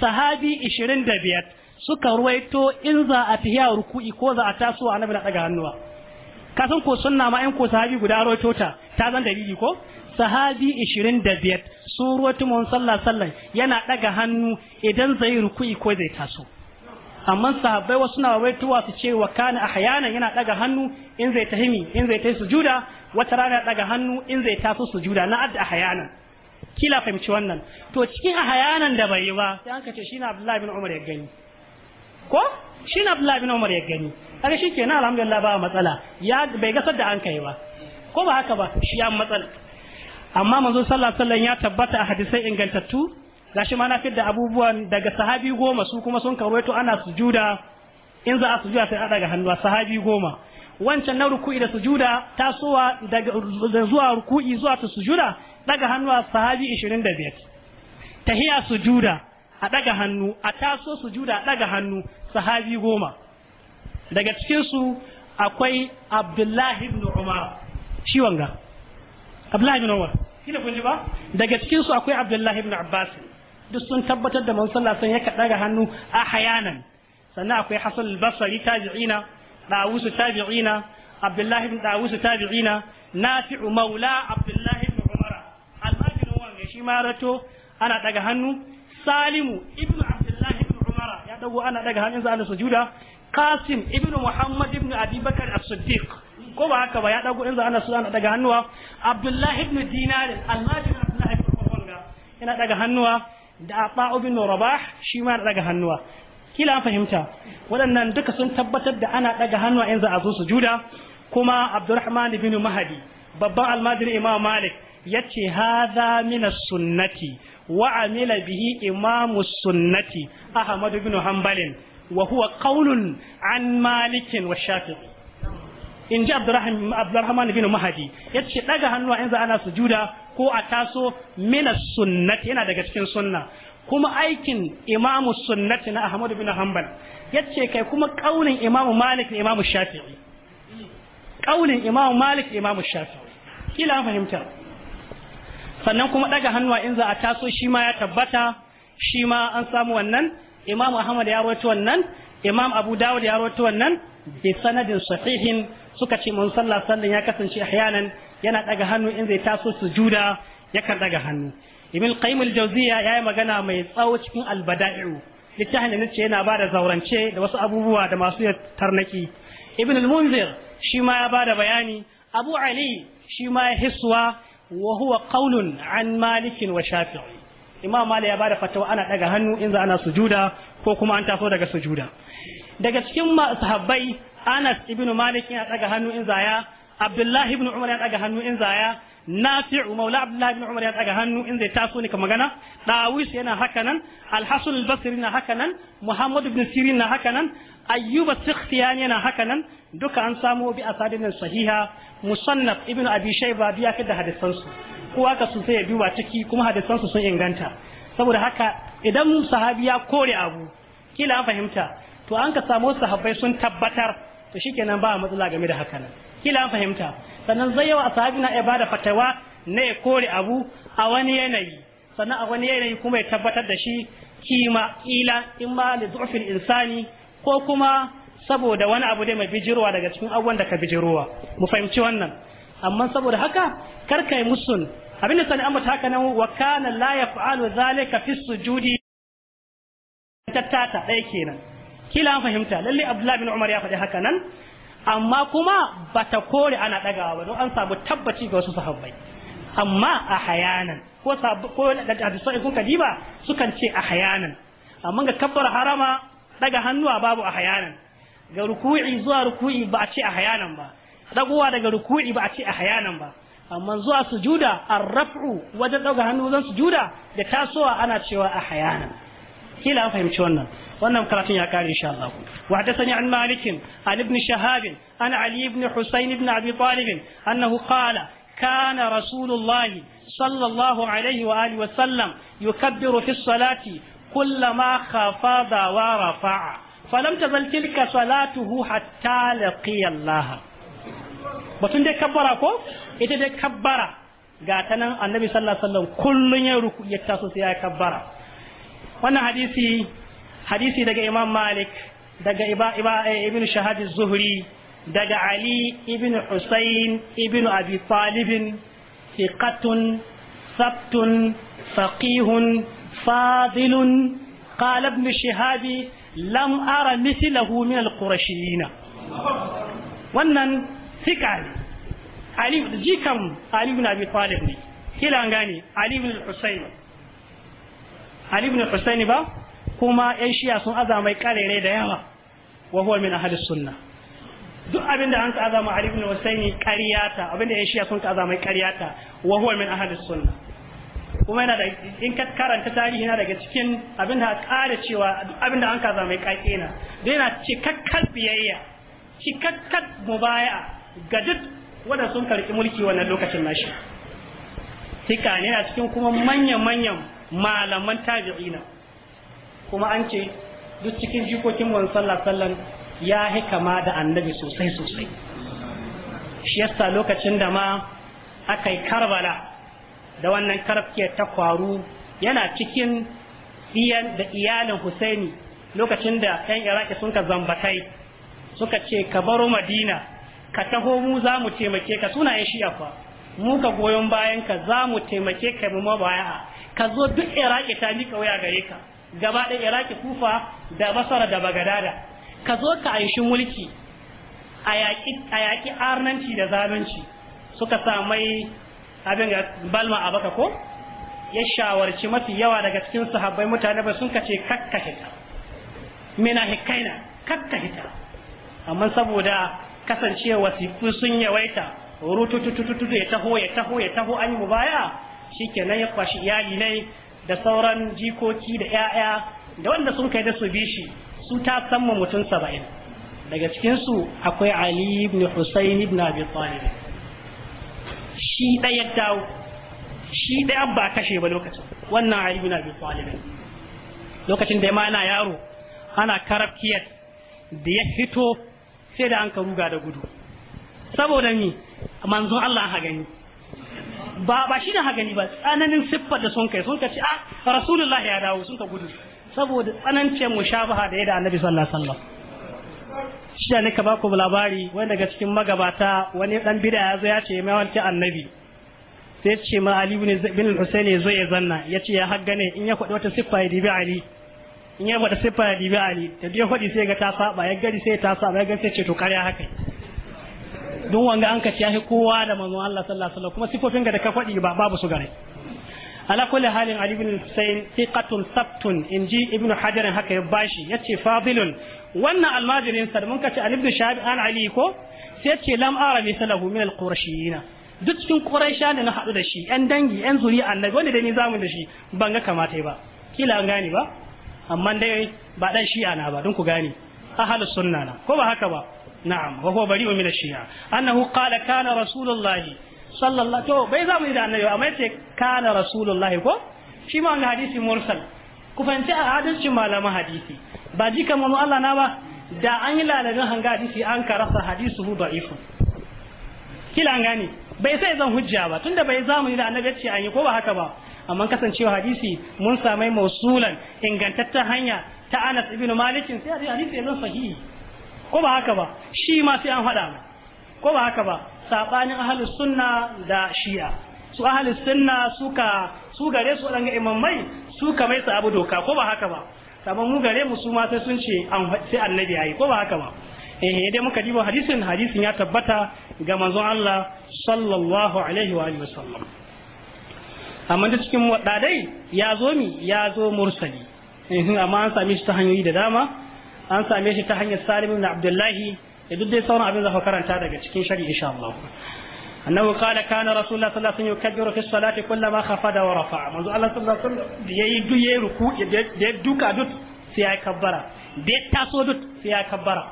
sahabi 25 suka ruwaito in za a tahiya ruku'i ko za a taso annabi na daga hannuwa ka san ko sunna ma in ko sahabi guda ruwaito ta ta zan dalili ko sahabi 25 sun ruwaito mun sallah sallah yana ɗaga hannu idan zai ruku'i ko zai taso amma sahabbai wasu na tuwa su ce wa kana ahyana yana daga hannu in zai tahimi in zai tahi sujuda wata rana daga hannu in zai taso sujuda na adda ahyana kila fahimci wannan to cikin ahyanan da bai yi ba sai an kace shine Abdullahi bin Umar ya gani ko shine Abdullahi bin Umar ya gani kaga shikenan alhamdulillah ba matsala ya bai gasar da an kai ba ko ba haka ba shi ya matsala amma manzo sallallahu alaihi wasallam ya tabbata a hadisai ingantattu gashi ma na fidda abubuwan daga sahabi goma su kuma sun karwaito ana sujuda in za a sujuda sai a daga hannuwa sahabi goma wancan na ruku'i da sujuda tasowa daga zuwa ruku'i zuwa ta sujuda daga hannuwa sahabi 25 tahiya sujuda a daga hannu a taso sujuda a daga hannu sahabi goma daga cikin su akwai Abdullahi ibn Umar shi wanga Abdullahi ibn Umar kina kun ji ba daga cikin su akwai Abdullahi ibn Abbas duk sun tabbatar da manzon sallallahu sun yaka daga hannu a hayanan sannan akwai hasan al-basri tabi'ina dawus tabi'ina abdullah ibn dawus tabi'ina nafi'u maula abdullah ibn umar al-majid wa shi ma rato ana daga hannu salimu ibn abdullah ibn umar ya dago ana daga hannun sa ana sujuda qasim ibn muhammad ibn abubakar as-siddiq ko ba haka ba ya dago yanzu ana ana daga hannuwa abdullahi ibn dinar al-majid abdullahi ibn umar yana daga hannuwa da Ata'u bin Rabah shi ma daga hannuwa kila an fahimta waɗannan duka sun tabbatar da ana daga hannuwa in za a zo sujuda kuma Abdurrahman bin Mahdi babban almajiri Imam Malik ce haza mina sunnati wa amila bihi Imam sunnati Ahmad bin Hanbalin wa huwa qaulun an malikin wa Shafi'i in ji abdurrahman bin mahadi ya ce daga hannuwa in za ana sujuda ko a taso mina sunnati yana daga cikin sunna kuma aikin imamu sunnati na ahmadu bin hanbal ya ce kai kuma kaunin imamu malik da imamu shafi'i kaunin imamu malik da imamu shafi'i kila fahimta sannan kuma daga hannuwa in za a taso shi ma ya tabbata shi ma an samu wannan imamu ahmad ya rawaito wannan imam abu dawud ya rawaito wannan bi sanadin sahihin suka ce mun sallah sallan ya kasance ahyanan yana daga hannu in zai taso sujuda yakan daga hannu ibn qayyim al-jawziya yayi magana mai tsawo cikin al-bada'i'u littafin da nace yana bada zaurance da wasu abubuwa da masu tarnaki ibn al-munzir shi ma ya bada bayani abu ali shi ma ya hiswa wa huwa qawlun an malik wa shafi'i imam malik ya bada fatawa ana daga hannu in za ana sujuda ko kuma an taso daga sujuda daga cikin sahabbai Anas ibn Malik yana daga hannu in zaya Abdullahi ibn Umar yana daga hannu in zaya Nafi'u Maula Abdullahi ibn Umar ya daga hannu in zai taso ne ka magana Dawis yana haka nan Al-Hasan al-Basri na haka nan Muhammad ibn Sirin na haka nan Ayyub sikhtiyani yana haka nan duka an samo bi asadin sahiha Musannaf ibn Abi Shayba biya kada hadisan su kowa ka su sai ya duba ciki kuma hadisan su sun inganta saboda haka idan sahabi ya kore abu kila an fahimta to an ka samu sahabbai sun tabbatar to kenan ba matsala game da haka nan kila an fahimta sannan zai yawa sahabi na iya bada fatawa na ya kore abu a wani yanayi sannan a wani yanayi kuma ya tabbatar da shi kima kila in ma li insani ko kuma saboda wani abu dai mai bijirwa daga cikin abubuwan da ka bijirwa mu fahimci wannan amma saboda haka kar kai musun abinda sani amma haka nan wa kana la yaf'alu zalika fi sujudi tattata ɗaya kenan kila an fahimta lalle abdullahi bin umar ya faɗi haka nan amma kuma ba ta kore ana ɗagawa ba don an samu tabbaci ga wasu sahabbai amma a hayanan ko ko da hadisai kun kadiba sukan ce a hayanan amma ga kabbar harama daga hannuwa babu a hayanan ga ruku'i zuwa ruku'i ba a ce a hayanan ba dagowa daga ruku'i ba a ce a hayanan ba amma zuwa sujuda raf'u wajen daga hannu zan sujuda da tasowa ana cewa a hayanan kila an fahimci wannan wannan karatun ya kare insha Allah wa hadathani an malik an ibn shahab an ali ibn husayn ibn abi talib annahu qala kana rasulullah sallallahu alaihi wa alihi wa sallam yukabbiru fi salati kullama khafada wa rafa'a falam tazal tilka salatuhu hatta laqiya Allah batun dai kabbara ko ita dai kabbara ga ta nan annabi sallallahu alaihi wasallam kullun ya ruku ya taso sai ya kabbara wannan hadisi hadisi daga imam malik daga eh, ibn shahad zuhri daga ali ibn husayn ibn abi talib thiqatun sabtun faqihun fadilun قال ابن شهاب لم أرى مثله wannan ali ali ibn abi talib ne kila ali ibn husayn ali ibn husayn ba kuma yan shiya sun aza mai karere da yawa wa huwa min ahli sunna duk abin da an ka aza ma Ali ibn Husayn ƙaryata abin da yan shiya sun ka aza mai ƙaryata wa huwa min ahli sunna kuma yana da in ka karanta tarihi na daga cikin abin da ƙara cewa duk abin da an ka aza mai na da yana cikakkar biyayya cikakkar mubaya ga duk wanda sun karɓi mulki wannan lokacin nashi. Tika ne a cikin kuma manya-manyan malaman tabi'ina. kuma an ce duk cikin jikokin wani sallar sallan ya yi kama da annabi sosai sosai shi yasa lokacin da ma aka yi karbala da wannan karfiyar ta kwaru yana cikin iyan da iyalin husaini lokacin da yan iraki sun ka zambatai suka ce ka baro madina ka taho mu za mu taimake ka sunayen shi fa mu ka goyon bayan ka za mu taimake ka mu mabaya ka zo duk iraki ta mika waya gare ka gaba ɗaya iraki kufa da basara da bagadada ka zo ka aishi mulki a yaƙi arnanci da zalunci suka samai abin ga balma a baka ko ya shawarci mafi yawa daga cikin sahabbai mutane ba sun kace kakka hita mina hikaina kakka hita amma saboda kasancewa wasiku sun yawaita rutututututu ya taho ya taho ya taho an yi mubaya shikenan ya kwashi iyali ne da sauran jikoki da 'ya'ya da wanda sun kai da su bi shi su ta sanma mutum saba'in daga cikinsu akwai ali ibn husayn ibn abi talib shi ɗaya dawo shi ɗaya ba kashe ba lokacin wannan ali ibn abi talib lokacin da ma ana yaro ana karafkiyar da ya fito sai da an ka ruga da gudu saboda ni manzon Allah ha gani ba ba shi ne hagani ba tsananin siffar da sun kai sun ka ce ah rasulullah ya dawo sun ka gudu saboda tsanancin mushabaha da ya da annabi sallallahu alaihi wasallam shi da ba baku labari wani daga cikin magabata wani dan bida ya zo ya ce mai wanke annabi sai ce ma ali ibn bin husayn ya zo ya zanna ya ce ya haggane in ya kwada wata siffa ya dibi ali in ya kwada siffa ya dibi ali da ya kwadi sai ga ta saba ya gari sai ta saba ya gari sai ce to kariya haka don wanga an ka ciyahi kowa da manzon Allah sallallahu alaihi kuma sifofin ga da ka faɗi ba babu su gare ala kulli halin ali ibn husayn thiqatun sabtun inji ibnu hajar haka ya bashi yace fadilun wannan almajirin sa mun kace ali ibn shabi an ali ko sai yace lam ara salahu min alqurashiyina duk cikin quraisha da na hadu da shi yan dangi yan zuri annabi wanda da ni zamu da shi ban ga kamata ba kila an gane ba amma dai ba dan shi'a na ba don ku gane ahlus sunna na ko ba haka ba na'am wa huwa bari'un min ash-shirk annahu qala kana rasulullahi sallallahu to bai za mu yi da annabi amma yace kana rasulullahi ko shi ma wannan hadisi mursal ku fahimci a adalcin malaman hadisi ba ji kamar Allah na ba da an yi lalabin hanga hadisi an karasa hadisu hu da'ifu kila an gane bai sai zan hujja ba tunda bai zamani da annabi ce an yi ko ba haka ba amma kasancewa hadisi mun samai mausulan ingantaccen hanya ta Anas ibn Malik sai hadisi ya zan sahihi ko ba haka ba shi ma sai an haɗa ko ba haka ba saɓanin ahalus sunna da shi'a su ahalus sunna suka su gare su waɗanga imamai su ka mai su abu doka ko ba haka ba sabon mu gare mu su ma sai sun ce sai annabi yayi ko ba haka ba eh dai muka diba hadisin hadisin ya tabbata ga manzon Allah sallallahu alaihi wa alihi wasallam amma da cikin wadadai ya zo mi ya zo mursali eh, amma an sami shi ta hanyoyi da dama an same shi ta hanyar salim ibn abdullahi da eh, duk dai sauran abin da karanta daga cikin shari insha Allah annahu qala kana rasulullah sallallahu alaihi wasallam yukabbiru fi salati kullama khafada wa manzo Allah sallallahu alaihi wasallam da yayi duk yayi ruku da duka duk sai ya kabbara da taso duk sai ya kabbara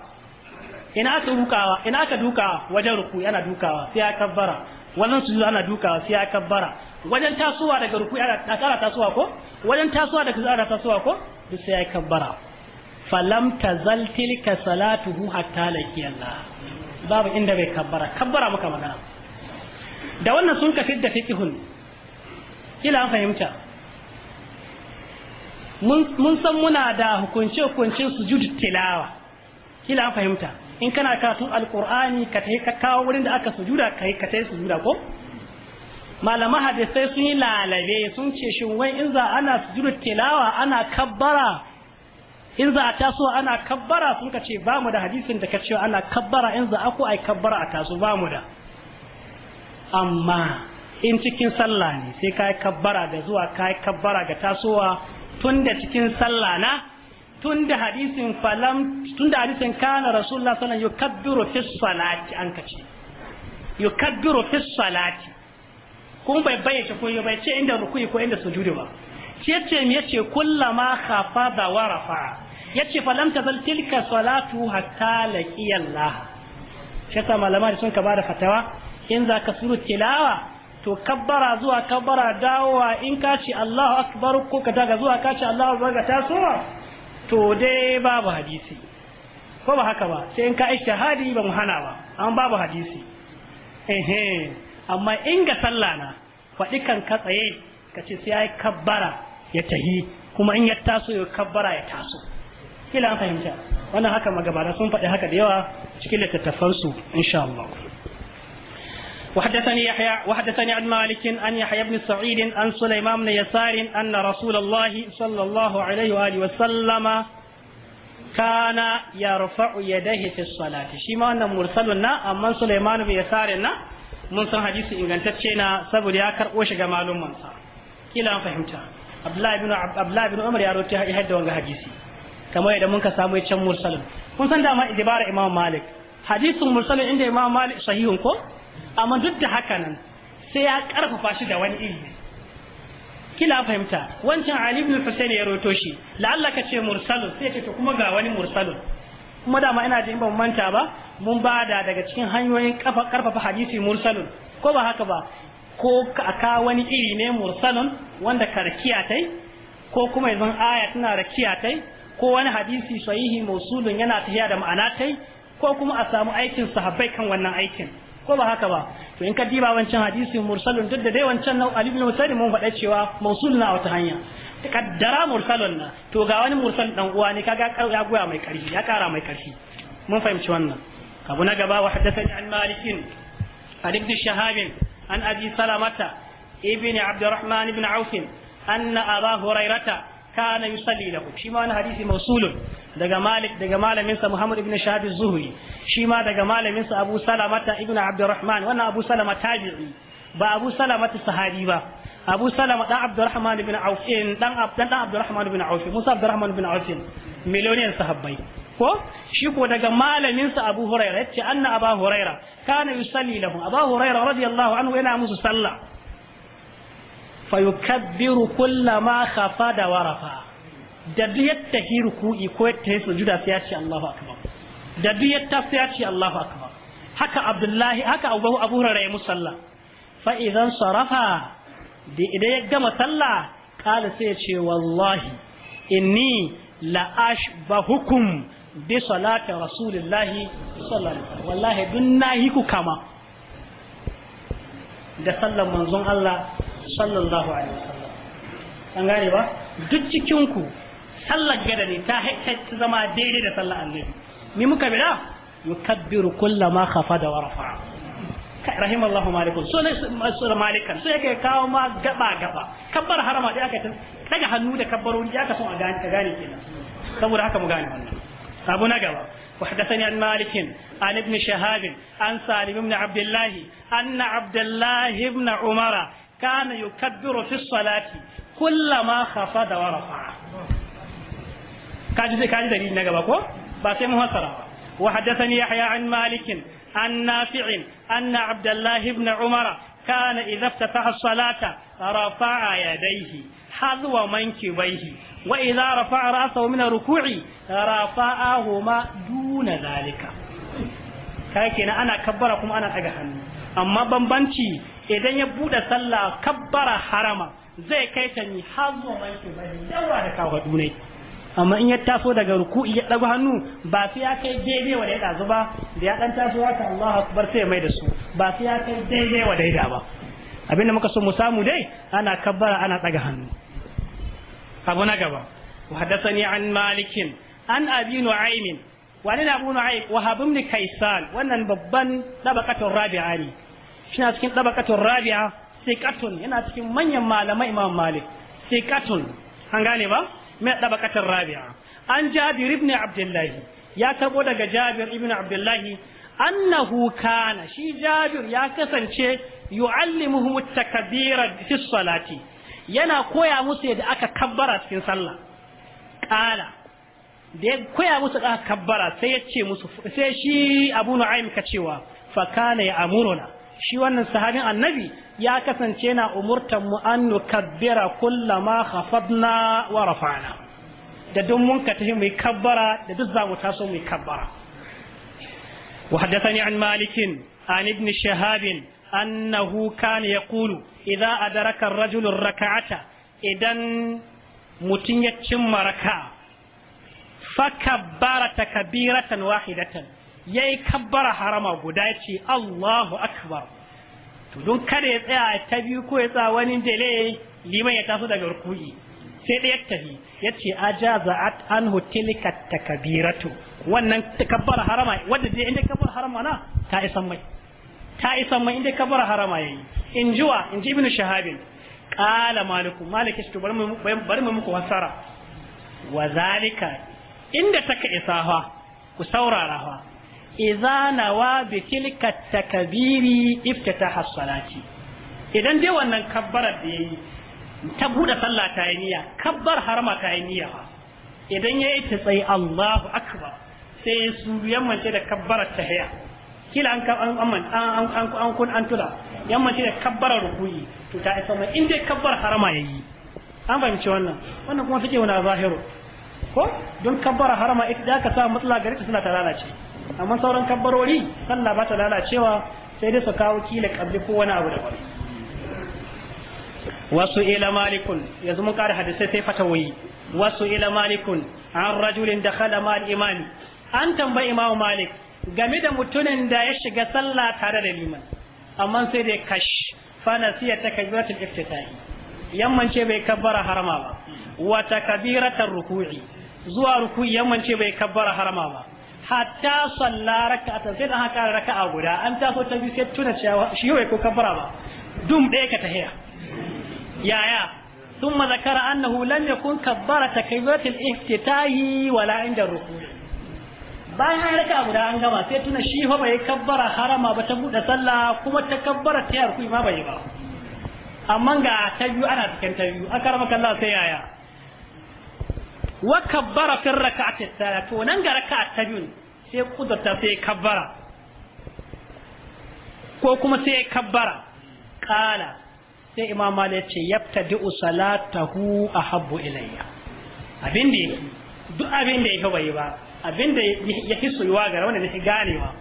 ina aka dukawa ina aka dukawa wajen ruku ana dukawa sai ya kabbara wajen ana dukawa sai ya kabbara wajen tasowa daga ruku ana tasowa ko wajen tasowa daga sujudu ana tasowa ko duk sai ya kabbara falam ka salatu hu hatta laki Allah babu inda bai kabbara kabbara muka magana da wannan sun ka fidda fiqhun ila an fahimta mun san muna da hukunce hukunci sujud tilawa kila an fahimta in kana karatun alqur'ani ka tai ka kawo wurin da aka sujuda kai ka tai sujuda ko malama hadisai sun yi lalabe sun ce shin wai in za ana sujud tilawa ana kabbara in za a taso ana kabbara sun ka ce ba mu da hadisin da ka cewa ana kabbara in za a ku ai kabbara a taso ba mu da amma in cikin sallah ne sai ka yi kabbara ga zuwa ka yi kabbara ga tasowa tun da cikin sallah na tun da hadisin falam tun da hadisin kana rasulullah sallallahu alaihi wasallam yukabbiru fi salati an ce yukabbiru fi salati kun bai bayyace ko bai ce inda rukuyi ko inda sujudi ba ce ce me yace kullama khafa da warafa Ya yace falam tazal tilka salatu hatta laqiya Allah shi yasa malama sun ka bada fatawa in za ka suru tilawa to kabbara zuwa kabbara dawowa in ka ce Allahu akbar ko ka daga zuwa ka ce Allahu akbar ka tasowa to dai babu hadisi ko ba haka ba sai in ka aisha hadi ba mu hana ba an babu hadisi ehe amma in ga sallah na faɗi kan ka tsaye ka ce sai ya kabbara ya tahi kuma in ya taso ya kabbara ya taso kila an fahimta wannan haka magabata sun faɗi haka da yawa cikin littattafansu insha Allah وحدثني يحيى وحدثني عن مالك أن يحيى بن سعيد عن سليمان بن يسار أن رسول الله صلى الله عليه وآله وسلم كان يرفع يديه في الصلاة شما أن مرسلنا أما سليمان بن يسار من سن حديث إن كانت تشينا سبب ياكر وش جمال منصا كلا فهمتها عبد الله بن عبد الله بن عمر يروي هذا حديثي kamar idan mun ka samu can mursalin kun san dama ijibara imam malik hadisin mursalin inda imam malik sahihun ko amma duk da haka nan sai ya karfafa shi da wani iri kila fahimta wancan ali ibn husayn ya roto shi la'alla ka ce mursalin sai ce kuma ga wani mursalin kuma dama ina jin ban manta ba mun bada daga cikin hanyoyin karfafa hadisi mursalin ko ba haka ba ko a ka wani iri ne mursalun wanda ka tai ko kuma yanzu aya tana rakiya tai ko wani hadisi sahihi mausulun yana tafiya da ma'ana tai ko kuma a samu aikin sahabbai kan wannan aikin ko ba haka ba to in ka diba wancan hadisin mursalun duk da dai wancan nau Ali ibn mun faɗa cewa mausul na wata hanya kaddara mursalun na to ga wani mursal dan uwa ne kaga ya goya mai karfi ya kara mai karfi mun fahimci wannan abu na gaba wa haddathani an malikin an ibn shahab an abi salamata ibn abdurrahman ibn auf anna aba hurairata kana yusalli lahu shi ma wani hadisi mausulun daga malik muhammad ibn shahab zuhri shi ma daga malamin sa abu salamata ibn abdurrahman wannan abu salama tabi'i ba abu salama sahabi ba abu salama dan abdurrahman ibn auf eh, dan dan abdurrahman ibn auf musa miliyoniyan ko shi ko daga malaminsa Abu Huraira yace anna Abu Huraira kana yusalli lahu Abu Huraira radiyallahu anhu yana musu sallah fa yukabbiru kullama khafada da rafa da duk yadda hi ruku'i ko yadda hi sujuda sai ya ce Allahu akbar da duk yadda sai ya ce Allahu akbar haka Abdullahi haka Abu Abu Hurairah musalla fa idan sarafa da idan ya gama sallah kala sai ya ce wallahi inni la ashbahukum bi salati rasulillahi sallallahu alaihi wasallam wallahi dun nahi ku kama da sallan manzon Allah sallallahu alaihi wasallam an gane ba duk cikin ku sallar gada ne ta zama daidai da sallar annabi mi muka bira yukabbiru kullama khafa da warafa rahimallahu malikun so ne malikan so yake kawo ma gaba gaba kabbar harama da aka daga hannu da kabbaroni wani aka son a gane ka gane kenan saboda haka mu gane wannan abu na gaba وحدثني عن مالك عن ابن شهاب عن سالم بن عبد الله أن عبد الله بن عمر kana yukabbiru fi salati kullama khafada wa rafa'a kaji kaji dalili na gaba ba sai mu hasara wa haddathani yahya an malik an nafi' anna abdullah ibn umara kana idza iftataha as-salata rafa'a manki hadwa mankibaihi wa idza rafa'a ra'sahu min ruku'i rafa'ahuma duna zalika kai kenan ana kabbara kuma ana daga hannu amma bambanci idan ya buɗe sallah kabbara harama zai kai ta ni har zuwa banki bane yawa da kawadu ne amma in ya taso daga ruku'i ya ɗagu hannu ba su ya kai daidai wa daida zuba da ya ɗan taso haka Allahu akbar sai mai da su ba su ya kai daidai wa daida ba abinda muka so mu samu dai ana kabbara ana ɗaga hannu abu na gaba وحدثني عن مالك عن أبي نعيم وعن أبو نعيم وهب بن كيسان وأن ببن طبقة الرابعة shina cikin dabaqatul rabi'a sikatun yana cikin manyan malamai imam malik sikatun an gane ba mai dabaqatul rabi'a an jabir ibn abdullahi ya tabo daga jabir ibn abdullahi annahu kana shi jabir ya kasance yu'allimuhum at-takbira fi salati yana koya musu yadda aka kabbara cikin sallah ƙala da ya koya musu aka kabbara sai ya ce musu sai shi abu nu'aym ka cewa fa kana ya amuruna shi wannan sahabin annabi ya kasance na umurtan mu an nukabbira kullama khafadna wa rafa'na da duk mun ka tafi mai kabbara da duk za mu taso mai kabbara wa haddathani an malikin an ibn shahab annahu kana yaqulu idza adraka ar-rajulu ar-rak'ata idan mutun ya cimma raka'a fakabbara takbiratan wahidatan yi kabbara harama guda ce Allahu akbar to don kada ya tsaya ta biyu ko ya tsaya wani dele liman ya taso daga ruku'i sai da ya tafi ya ce ajaza an anhu tilka Kabiratu. wannan kabbara harama wadda dai inda kabbara harama na ta isan mai ta isa mai inda kabbara harama yi in jiwa in ji ibnu shahabin kala maliku maliki shi bari mu bari mu muku wasara wa zalika inda taka isaha ku saurara fa idza nawa bi tilka takabiri iftataha salati idan dai wannan kabbara da yayi ta bude sallah ta yi niyya kabbar harama ta yi niyya idan yayi ta tsayi Allahu akbar sai su mace da ta haya kila an an an an an kun an tula mace da kabbara rukuyi to ta isa mai in dai kabbar harama yayi an fahimci wannan wannan kuma take wani zahiru ko don kabbara harama ita ka sa matsala gare ta suna ta lalace amma sauran kabbarori sallah ba ta lalacewa sai dai su kawo kila kabli ko wani abu daban wasu ila malikun yanzu mun kara hadisai sai fatawoyi wasu ila malikun an rajulin da khala mal imani an tambayi imamu malik game da mutumin da ya shiga sallah tare da liman amma sai dai kash fa nasiya takbiratul iftitahi yammance bai kabbara harama ba wa takbiratul ruku'i zuwa ruku'i yammance bai kabbara harama ba hatta salla raka'atan sai da haka raka'a guda an taso ta biyu sai tuna cewa shi yau ko kafara ba dum ɗaya ka tahiya yaya sun an na ثم ذكر أنه لم يكن كبر تكبيرة الافتتاح wala عند الركوع bayan an raka a guda an gama sai tuna shi fa bai kabbara harama ba ta buɗe sallah kuma ta kabbara ta yarku ma bai ba amma ga ta biyu ana cikin ta biyu aka rama kallon sai yaya wa kabbara fi raka'ati tsara to nan ga raka'a ta biyu sai kudurta sai kabbara ko kuma sai kabbara kala sai imam malik ce yabtadi'u salatahu ahabbu ilayya abin da yake duk abin da yake bai ba abin da ya hisu yiwa ga wanda ne ganewa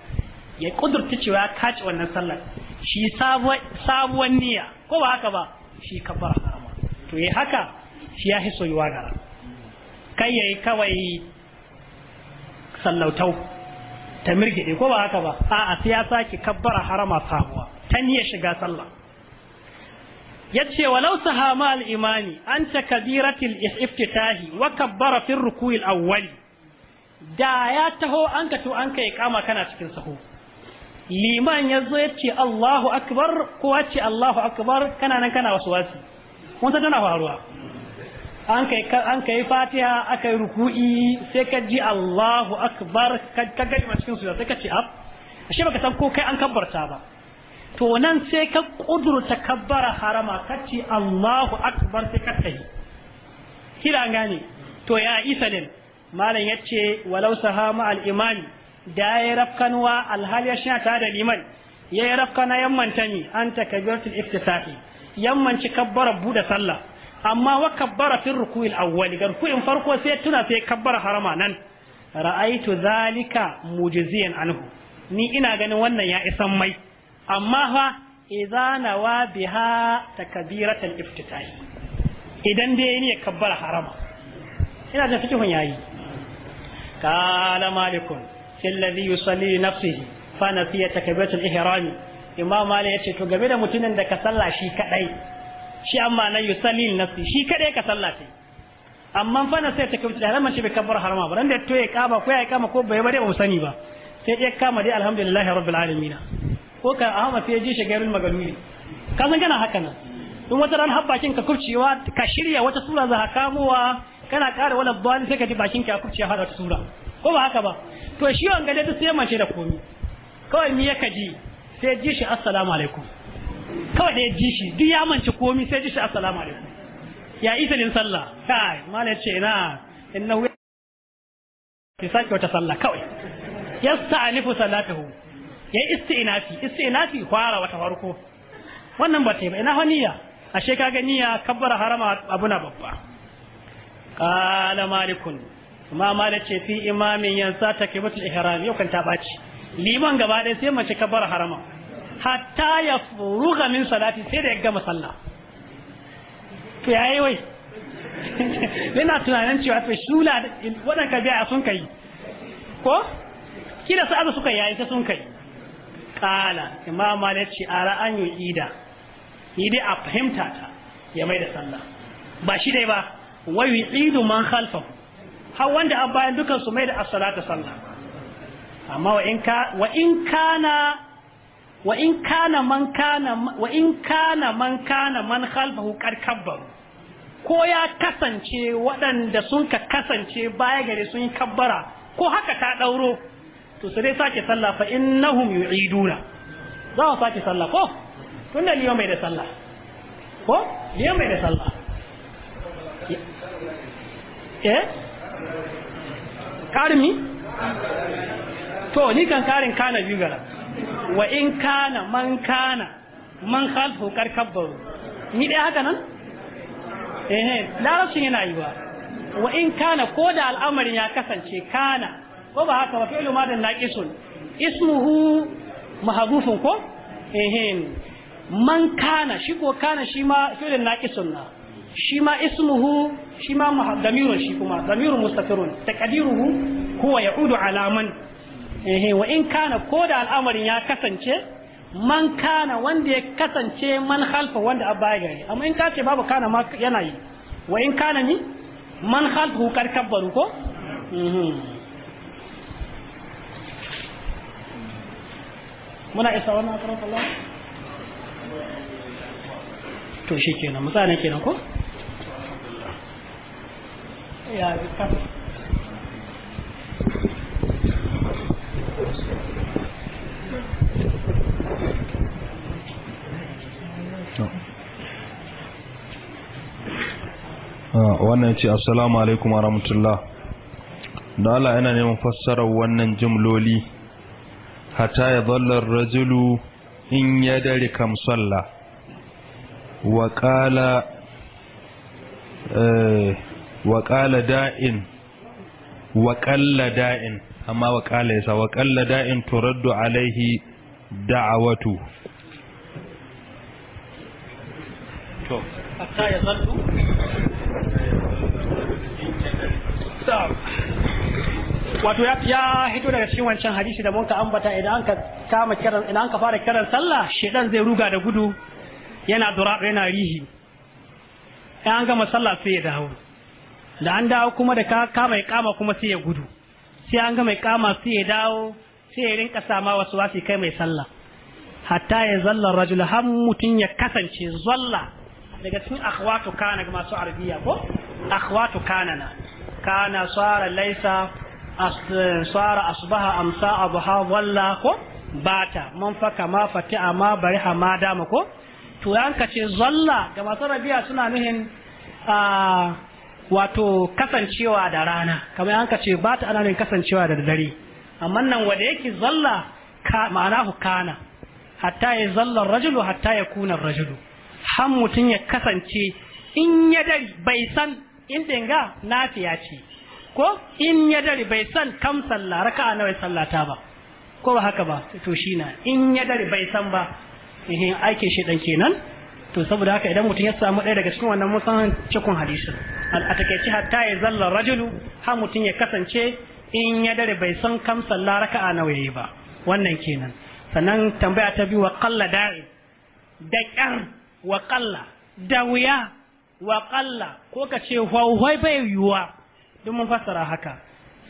ya kudurta cewa kaci wannan sallar shi sabuwar niyya ko ba haka ba shi kabbara harama to yi haka shi ya hisu yiwa gara kai yayi kawai sallautau ta mirgide ko ba haka ba a'a sai ya sake kabbara harama sabuwa ta niyyar shiga sallah yace walau sahama Hama al'imani an takbiratil iftitahi wa kabbara fi ruku'il awwali da ya taho an ka to an kai kama kana cikin sahu liman yazo yace Allahu akbar ko ce Allahu akbar kana nan kana wasu wasi kun san tana faruwa an yi fatiha aka yi ruku'i sai ka ji Allahu akbar ka gani cikin su sai ka ce af ashe baka san ko kai an kabbarta ba to nan sai ka kudurta kabbara harama ka ce Allahu akbar sai ka tayi kira gane to ya isa ne malam yace walau sahama al imani da ya rafkanwa alhal ya shina ta da liman ya yi yamman yammanta ni an takabiratul iftisahi yammanci kabbara buɗe sallah amma wa kabbara fi ruku'il awwal ga ruku'in farko sai tuna sai kabbara harama nan ra'aitu zalika mujiziyan anhu ni ina ganin wannan ya isan mai amma fa idza nawa biha takbiratul iftitahi idan dai ne kabbara harama ina da fikihun yayi قال مالك في الذي يصلي نفسه فنسي تكبيرة الإحرام إمام مالك to game da mutumin da ka salla shi kadai shi amma na yusalli nasi shi kadai ka sallace amma fa na sai ta kauce da haraman shi bai kabbar harama ba ran da to ya kaba ko ya kama ko bai bare ba mu sani ba sai ya kama dai alhamdulillahi rabbil alamin ko ka ahma sai ji shigarul magalmi ka san kana haka nan in wata ran har ka kurcewa ka shirya wata sura za ka kamowa kana kare wala bani sai ka ji bakin ka kurcewa har wata sura ko ba haka ba to shi wanga dai sai mace da komi kawai mi ya kaji sai ji shi assalamu alaikum kawai da ya ji shi duk ya manci komi sai ji shi assalamu alaikum ya izinin sallah kai mala ce na innahu ya sake wata sallah kawai yasta'anifu salatuhu ya isti'nafi isti'nafi fara wata farko wannan ba ta yi ba ina haniya ashe ka ga niyya kabbara harama abuna babba qala malikun kuma mala ce fi imamin yansa takibatul ihram yau kan ta baci liman gaba ɗaya sai mace kabbara harama hatta ya furuga min salati sai da ya gama sallah to yayi wai yana tunanin cewa to shula ka biya sun kai ko kila sa azu suka yayi ta sun kai kala imam ma ce ara an yi ida ni dai a fahimta ta ya mai da sallah ba shi dai ba wai idu man khalfa har wanda a bayan dukan su mai da as-salata sallah amma wa in ka wa in kana wa in kana man kana wa in kana man kana man khalfahu ko ya kasance waɗanda sun ka kasance baya gare sun yi kabbara ko haka ta ɗauro to su dai sake sallah fa innahum yu'iduna za mu sake sallah ko tunda liyo mai da sallah ko liyo mai da sallah eh karimi to ni kan karin kana biyu gara wa in kana man kana man khalfu karkabbaru ni dai haka nan eh larabcin yana yi ba wa in kana ko da al'amarin ya kasance kana ko ba haka ba fi'lu madan naqisun ismuhu mahdhufun ko eh man kana shi ko kana shi ma fi'lu naqisun na shi ma ismuhu shi ma damirun shi kuma damirun mustatirun taqdiruhu huwa ya'udu ala man eh wa in kana ko da al'amarin ya kasance man kana wanda ya kasance man halfa wanda abba ya gari amma in ka ce babu kana ma yana yi wa in kana ni man khalfu kar kabbaru ko muna isa wannan akarar Allah to shi kenan mutane kenan ko ya Ah, wannan ce assalamu alaikum wa rahmatullah da Allah yana neman fassarar wannan jimloli hata ya zallar rajulu in ya dare kam salla wa eh, da'in wa ƙalla da'in amma wa ƙala yasa wa da'in turaddu alaihi da'awatu to hatta ya wato ya hito daga cikin wancan hadisi da mun ka ambata idan ka kama kiran idan ka fara kiran sallah shedan zai ruga da gudu yana dura yana rihi an gama sallah sai ya dawo da an dawo kuma da ka kama kama kuma sai ya gudu sai an gama kama sai ya dawo sai ya rinka sama wasu wasi kai mai sallah hatta ya zalla rajul har mutum ya kasance zalla daga cikin akhwatu kana ga masu arabiya ko akhwatu kanana kana sara laisa sara asbaha amsa abha walla ko bata man faka ma fati amma bari ma dama ko to ka ce zalla ga masu arabiya suna nuhin wato kasancewa da rana kamar ka ce bata ana nuhin kasancewa da dare amma nan wanda yake zalla ma'ana kana hatta ya zalla rajulu hatta ya kuna rajulu har mutum ya kasance in ya dari bai san inda na fiya ce ko in ya dari bai san kam sallah a nawa sallata ba ko ba haka ba to shi na in ya dari bai san ba ihin aikin shi dan kenan to saboda haka idan mutum ya samu ɗaya daga cikin wannan musan cikin hadisin a takaici hatta ya zalla rajulu har mutum ya kasance in ya dare bai san kam sallah raka a yayi ba wannan kenan sannan tambaya ta biyu wa qalla da'i da kyar wa ƙalla da wuya wa ƙalla ko ka ce hawai bai yiwuwa duk mun fassara haka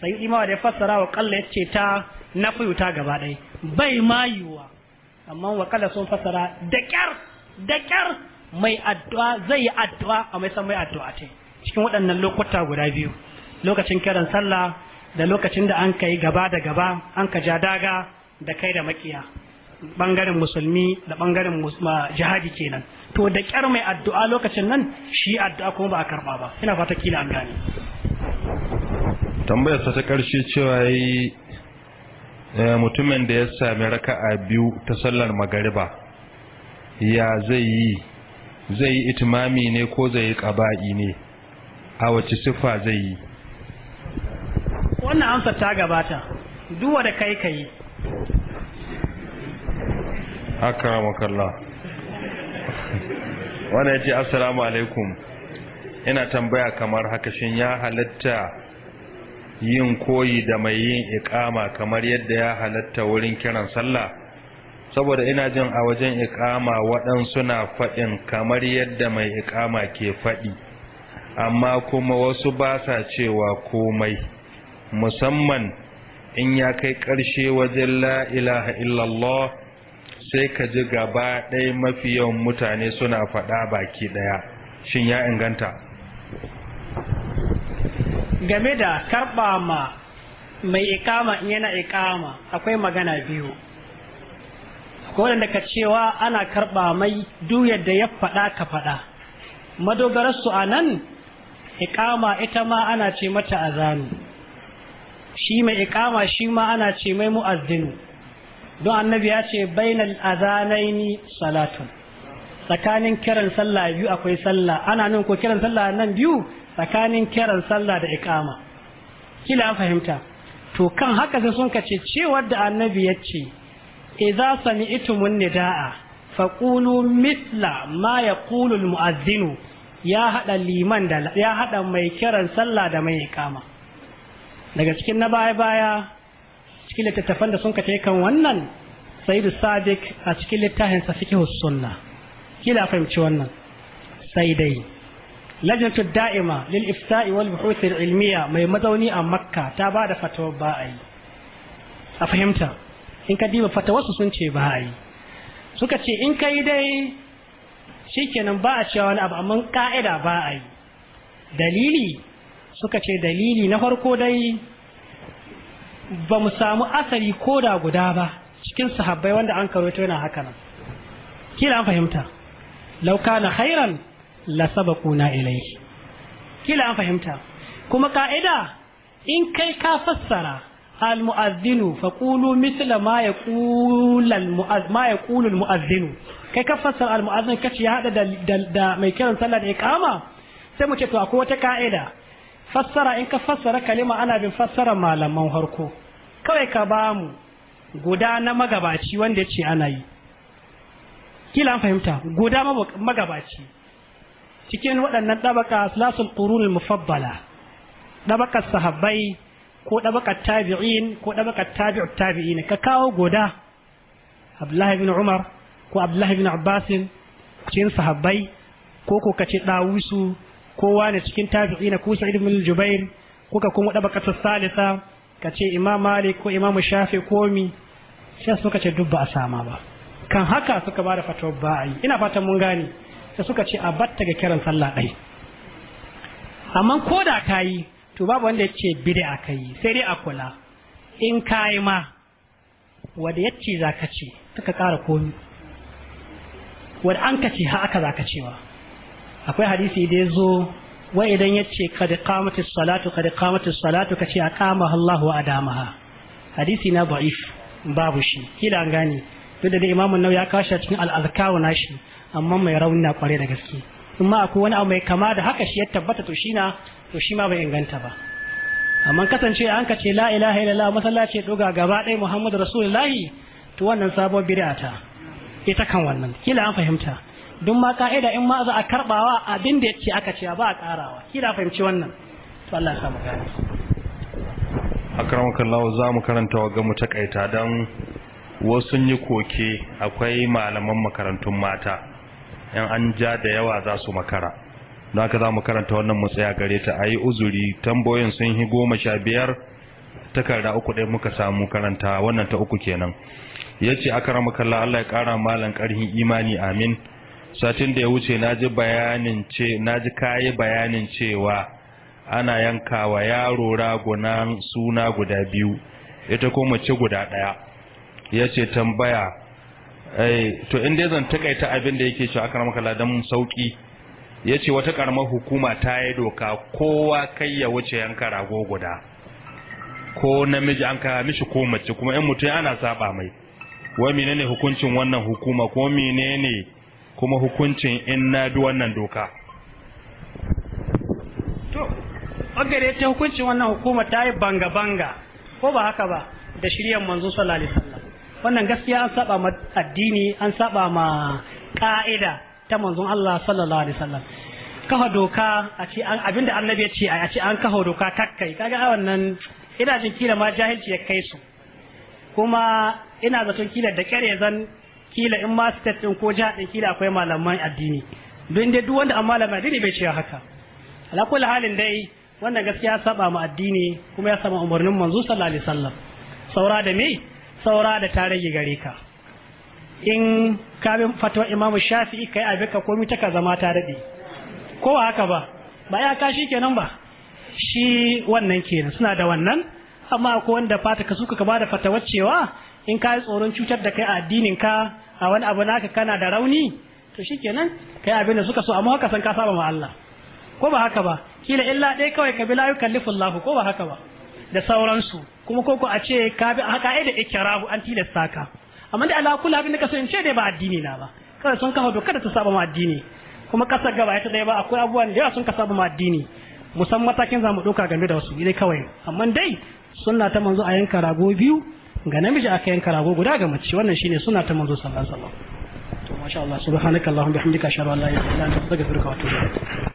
sai imawa da fassara wa ya yace ta nafiyu ta gaba ɗai bai ma yiwuwa amma wa ƙalla sun fassara da ƙyar da ƙyar mai addu'a zai yi addu'a a mai san mai addu'a ce, cikin waɗannan lokuta guda biyu lokacin kiran sallah da lokacin da an kai gaba da gaba an ka ja daga da kai da makiya bangaren musulmi da bangaren jihadi kenan to da kyar mai addu'a lokacin nan shi addu'a kuma ba a karba ba ina fata kila an gane tambayar ta karshe cewa yi eh, mutumin da ya sami raka'a biyu ta sallar magariba ya zai yi zai yi itimami ne ko zai yi qaba'i ne a wace siffa zai yi wannan amsa ta gabata duwa da kai kai haka makalla wannan ya ce assalamu alaikum ina tambaya kamar haka shin ya halatta yin koyi da mai yin ikama kamar yadda ya halatta wurin kiran sallah saboda ina jin a wajen ikama waɗansu na faɗin kamar yadda mai ikama ke faɗi amma kuma wasu ba sa cewa komai musamman in ya kai ƙarshe wajen la ilaha illallah sai ka ji gaba ɗaya mafi yawan mutane suna faɗa baki ɗaya shin ya inganta game da karɓa ma mai ikama in yana ikama akwai magana biyu ko wanda ka cewa ana karɓa mai duk yadda ya faɗa ka faɗa madogararsu a nan ikama ita ma ana ce mata azanu shi mai ikama shi ma ana ce mai mu'azzinu don annabi ya ce bainal azanaini salatun tsakanin kiran sallah biyu akwai sallah ana nan ko kiran sallah nan biyu tsakanin kiran sallah da ikama. kila an fahimta to kan haka sai sun kace cewar da annabi ya ce idza sami'tumun nidaa faqulu mithla ma yaqulu almu'adhdhin ya hada liman da ya hada mai kiran sallah da mai ikama. daga cikin na baya baya cikin littattafan da sun ka kan wannan saidu sadiq a cikin littafin sa fiqh sunna kila fahimci wannan sai dai lajnatu da'ima lil ifta'i wal buhuth al ilmiya mai mazauni a makka ta ba da fatawa ba a a fahimta in ka diba su sun ce ba a suka ce in kai dai shikenan ba a cewa wani abu amma ka'ida ba a dalili suka ce dalili na farko dai ba mu samu asali ko da guda ba cikin sahabbai wanda an karoto yana haka nan kila an fahimta law kana khairan la kuna ilai kila an fahimta kuma ka'ida in kai ka fassara al mu'adhdhinu faqulu mithla ma ma yaqulu al kai ka fassara al kace ya hada da mai kiran sallar da iqama sai mu ce to akwai wata ka'ida fassara in ka fassara kalima ana bin fassara malaman harko kawai ka ba mu guda na magabaci wanda ce ana yi kila an fahimta guda magabaci cikin waɗannan ɗabaka salasul ƙurunin mufabbala ɗabakar sahabbai ko ɗabakar tabi'in ko ɗabakar tabi'ut tabi'in ka kawo guda abdullahi bin umar ko abdullahi bin abbasin cikin sahabbai ko ko kace ɗawusu kowa ne cikin tabi'ina na kusa ibn jubair kuka kuma daba kata salisa kace imam malik ko imam shafi komi mi sai suka ce duk ba a sama ba kan haka suka bada fatawa ba yi ina fatan mun gane sai suka ce a batta ga kiran sallah dai amma ko da kayi to babu wanda ya ce bid'a kai sai dai a kula in yi ma wanda ya ce za ka ce ka ƙara komi wanda an ka ce ha aka za ka cewa akwai hadisi da ya zo wai idan ya ce kada kamata salatu kada kamata salatu ka ce a kama Allahu a damaha hadisi na ba'if babu shi kila an gane duk da imamun nau ya kashi a cikin al'alkawo shi amma mai rauni na kware da gaske in ma akwai wani abu mai kama da haka shi ya tabbata to shi na to shi ma bai inganta ba amma kasance an ka ce la ilaha illallah masallaci doga gaba ɗaya muhammadu rasulullahi to wannan sabon bid'a ta ita kan wannan kila an fahimta duk ma ka'ida in ma za a karbawa abin da yake aka ce ba a karawa kila fahimci wannan to Allah ya samu gani akramukan lawo za mu karanta wa gamu takaita don wasu yi koke akwai malaman makarantun mata yan an ja da yawa za su makara don haka za mu karanta wannan mu tsaya gare ta ayi uzuri tambayoyin sun yi goma sha biyar takarda uku ɗaya muka samu karanta wannan ta uku kenan ya ce aka Allah ya kara malan karhin imani amin satin da ya wuce na bayanin kayi bayanin cewa ana yanka wa yaro ragunan suna guda biyu ita ko mace guda daya yace tambaya to in dai zan takaita abin da yake cewa karamar kaladan sauki yace wata karamar hukuma ta yi doka kowa kai ya wuce yanka rago guda ko namiji an kawo mishi ko mace kuma in mutum ana saba mai wa menene hukuncin wannan hukuma ko menene kuma hukuncin in na bi wannan doka to ya ta hukuncin wannan hukuma ta yi banga-banga ko ba haka ba da shirya manzo sallallahu alaihi wannan gaskiya an saba ma addini an saba ma ka'ida ta manzon Allah sallallahu alaihi wasallam kafa doka a ce abinda annabi ya ce a ce an kafa doka kakkai kaga a wannan ina jin kila ma jahilci ya kai su kuma ina zaton kila da kyar zan kila in ma din ko jiha din kila akwai malaman addini don dai duk wanda an malamin addini bai cewa haka ala halin dai wannan gaskiya ya saba mu addini kuma ya saba umarnin manzo sallallahu alaihi wasallam saura da me saura da tarayi gare ka in ka bin fatwa imamu shafi'i kai abin ka komai ta ka zama ta rabe ko haka ba ba ya ka kenan ba shi wannan kenan suna da wannan amma akwai wanda fata ka suka ka bada fatawar cewa in ka yi tsoron cutar da kai a addinin ka a wani abu naka kana da rauni to shikenan kai abin da suka so amma haka san ka saba ma Allah ko ba haka ba kila illa dai kawai ka bi la yukallifu Allah ko ba haka ba da sauransu kuma ko ko a ce ka bi haka ai da ikrahu an tilasta ka amma da ala kula abin da ka so in ce dai ba addini na ba kada sun kama dokar da ta saba ma addini kuma kasar gaba ita dai ba akwai abubuwan da yawa sun ka saba ma addini musamman matakin zamu ɗauka game da wasu dai kawai amma dai sunna ta manzo a yanka rago biyu ga namiji aka yanka rago guda ga mace wannan shine suna ta manzo sallallahu alaihi wasallam to masha Allah subhanakallahumma bihamdika ashhadu an la ilaha illa anta astaghfiruka wa atubu ilaik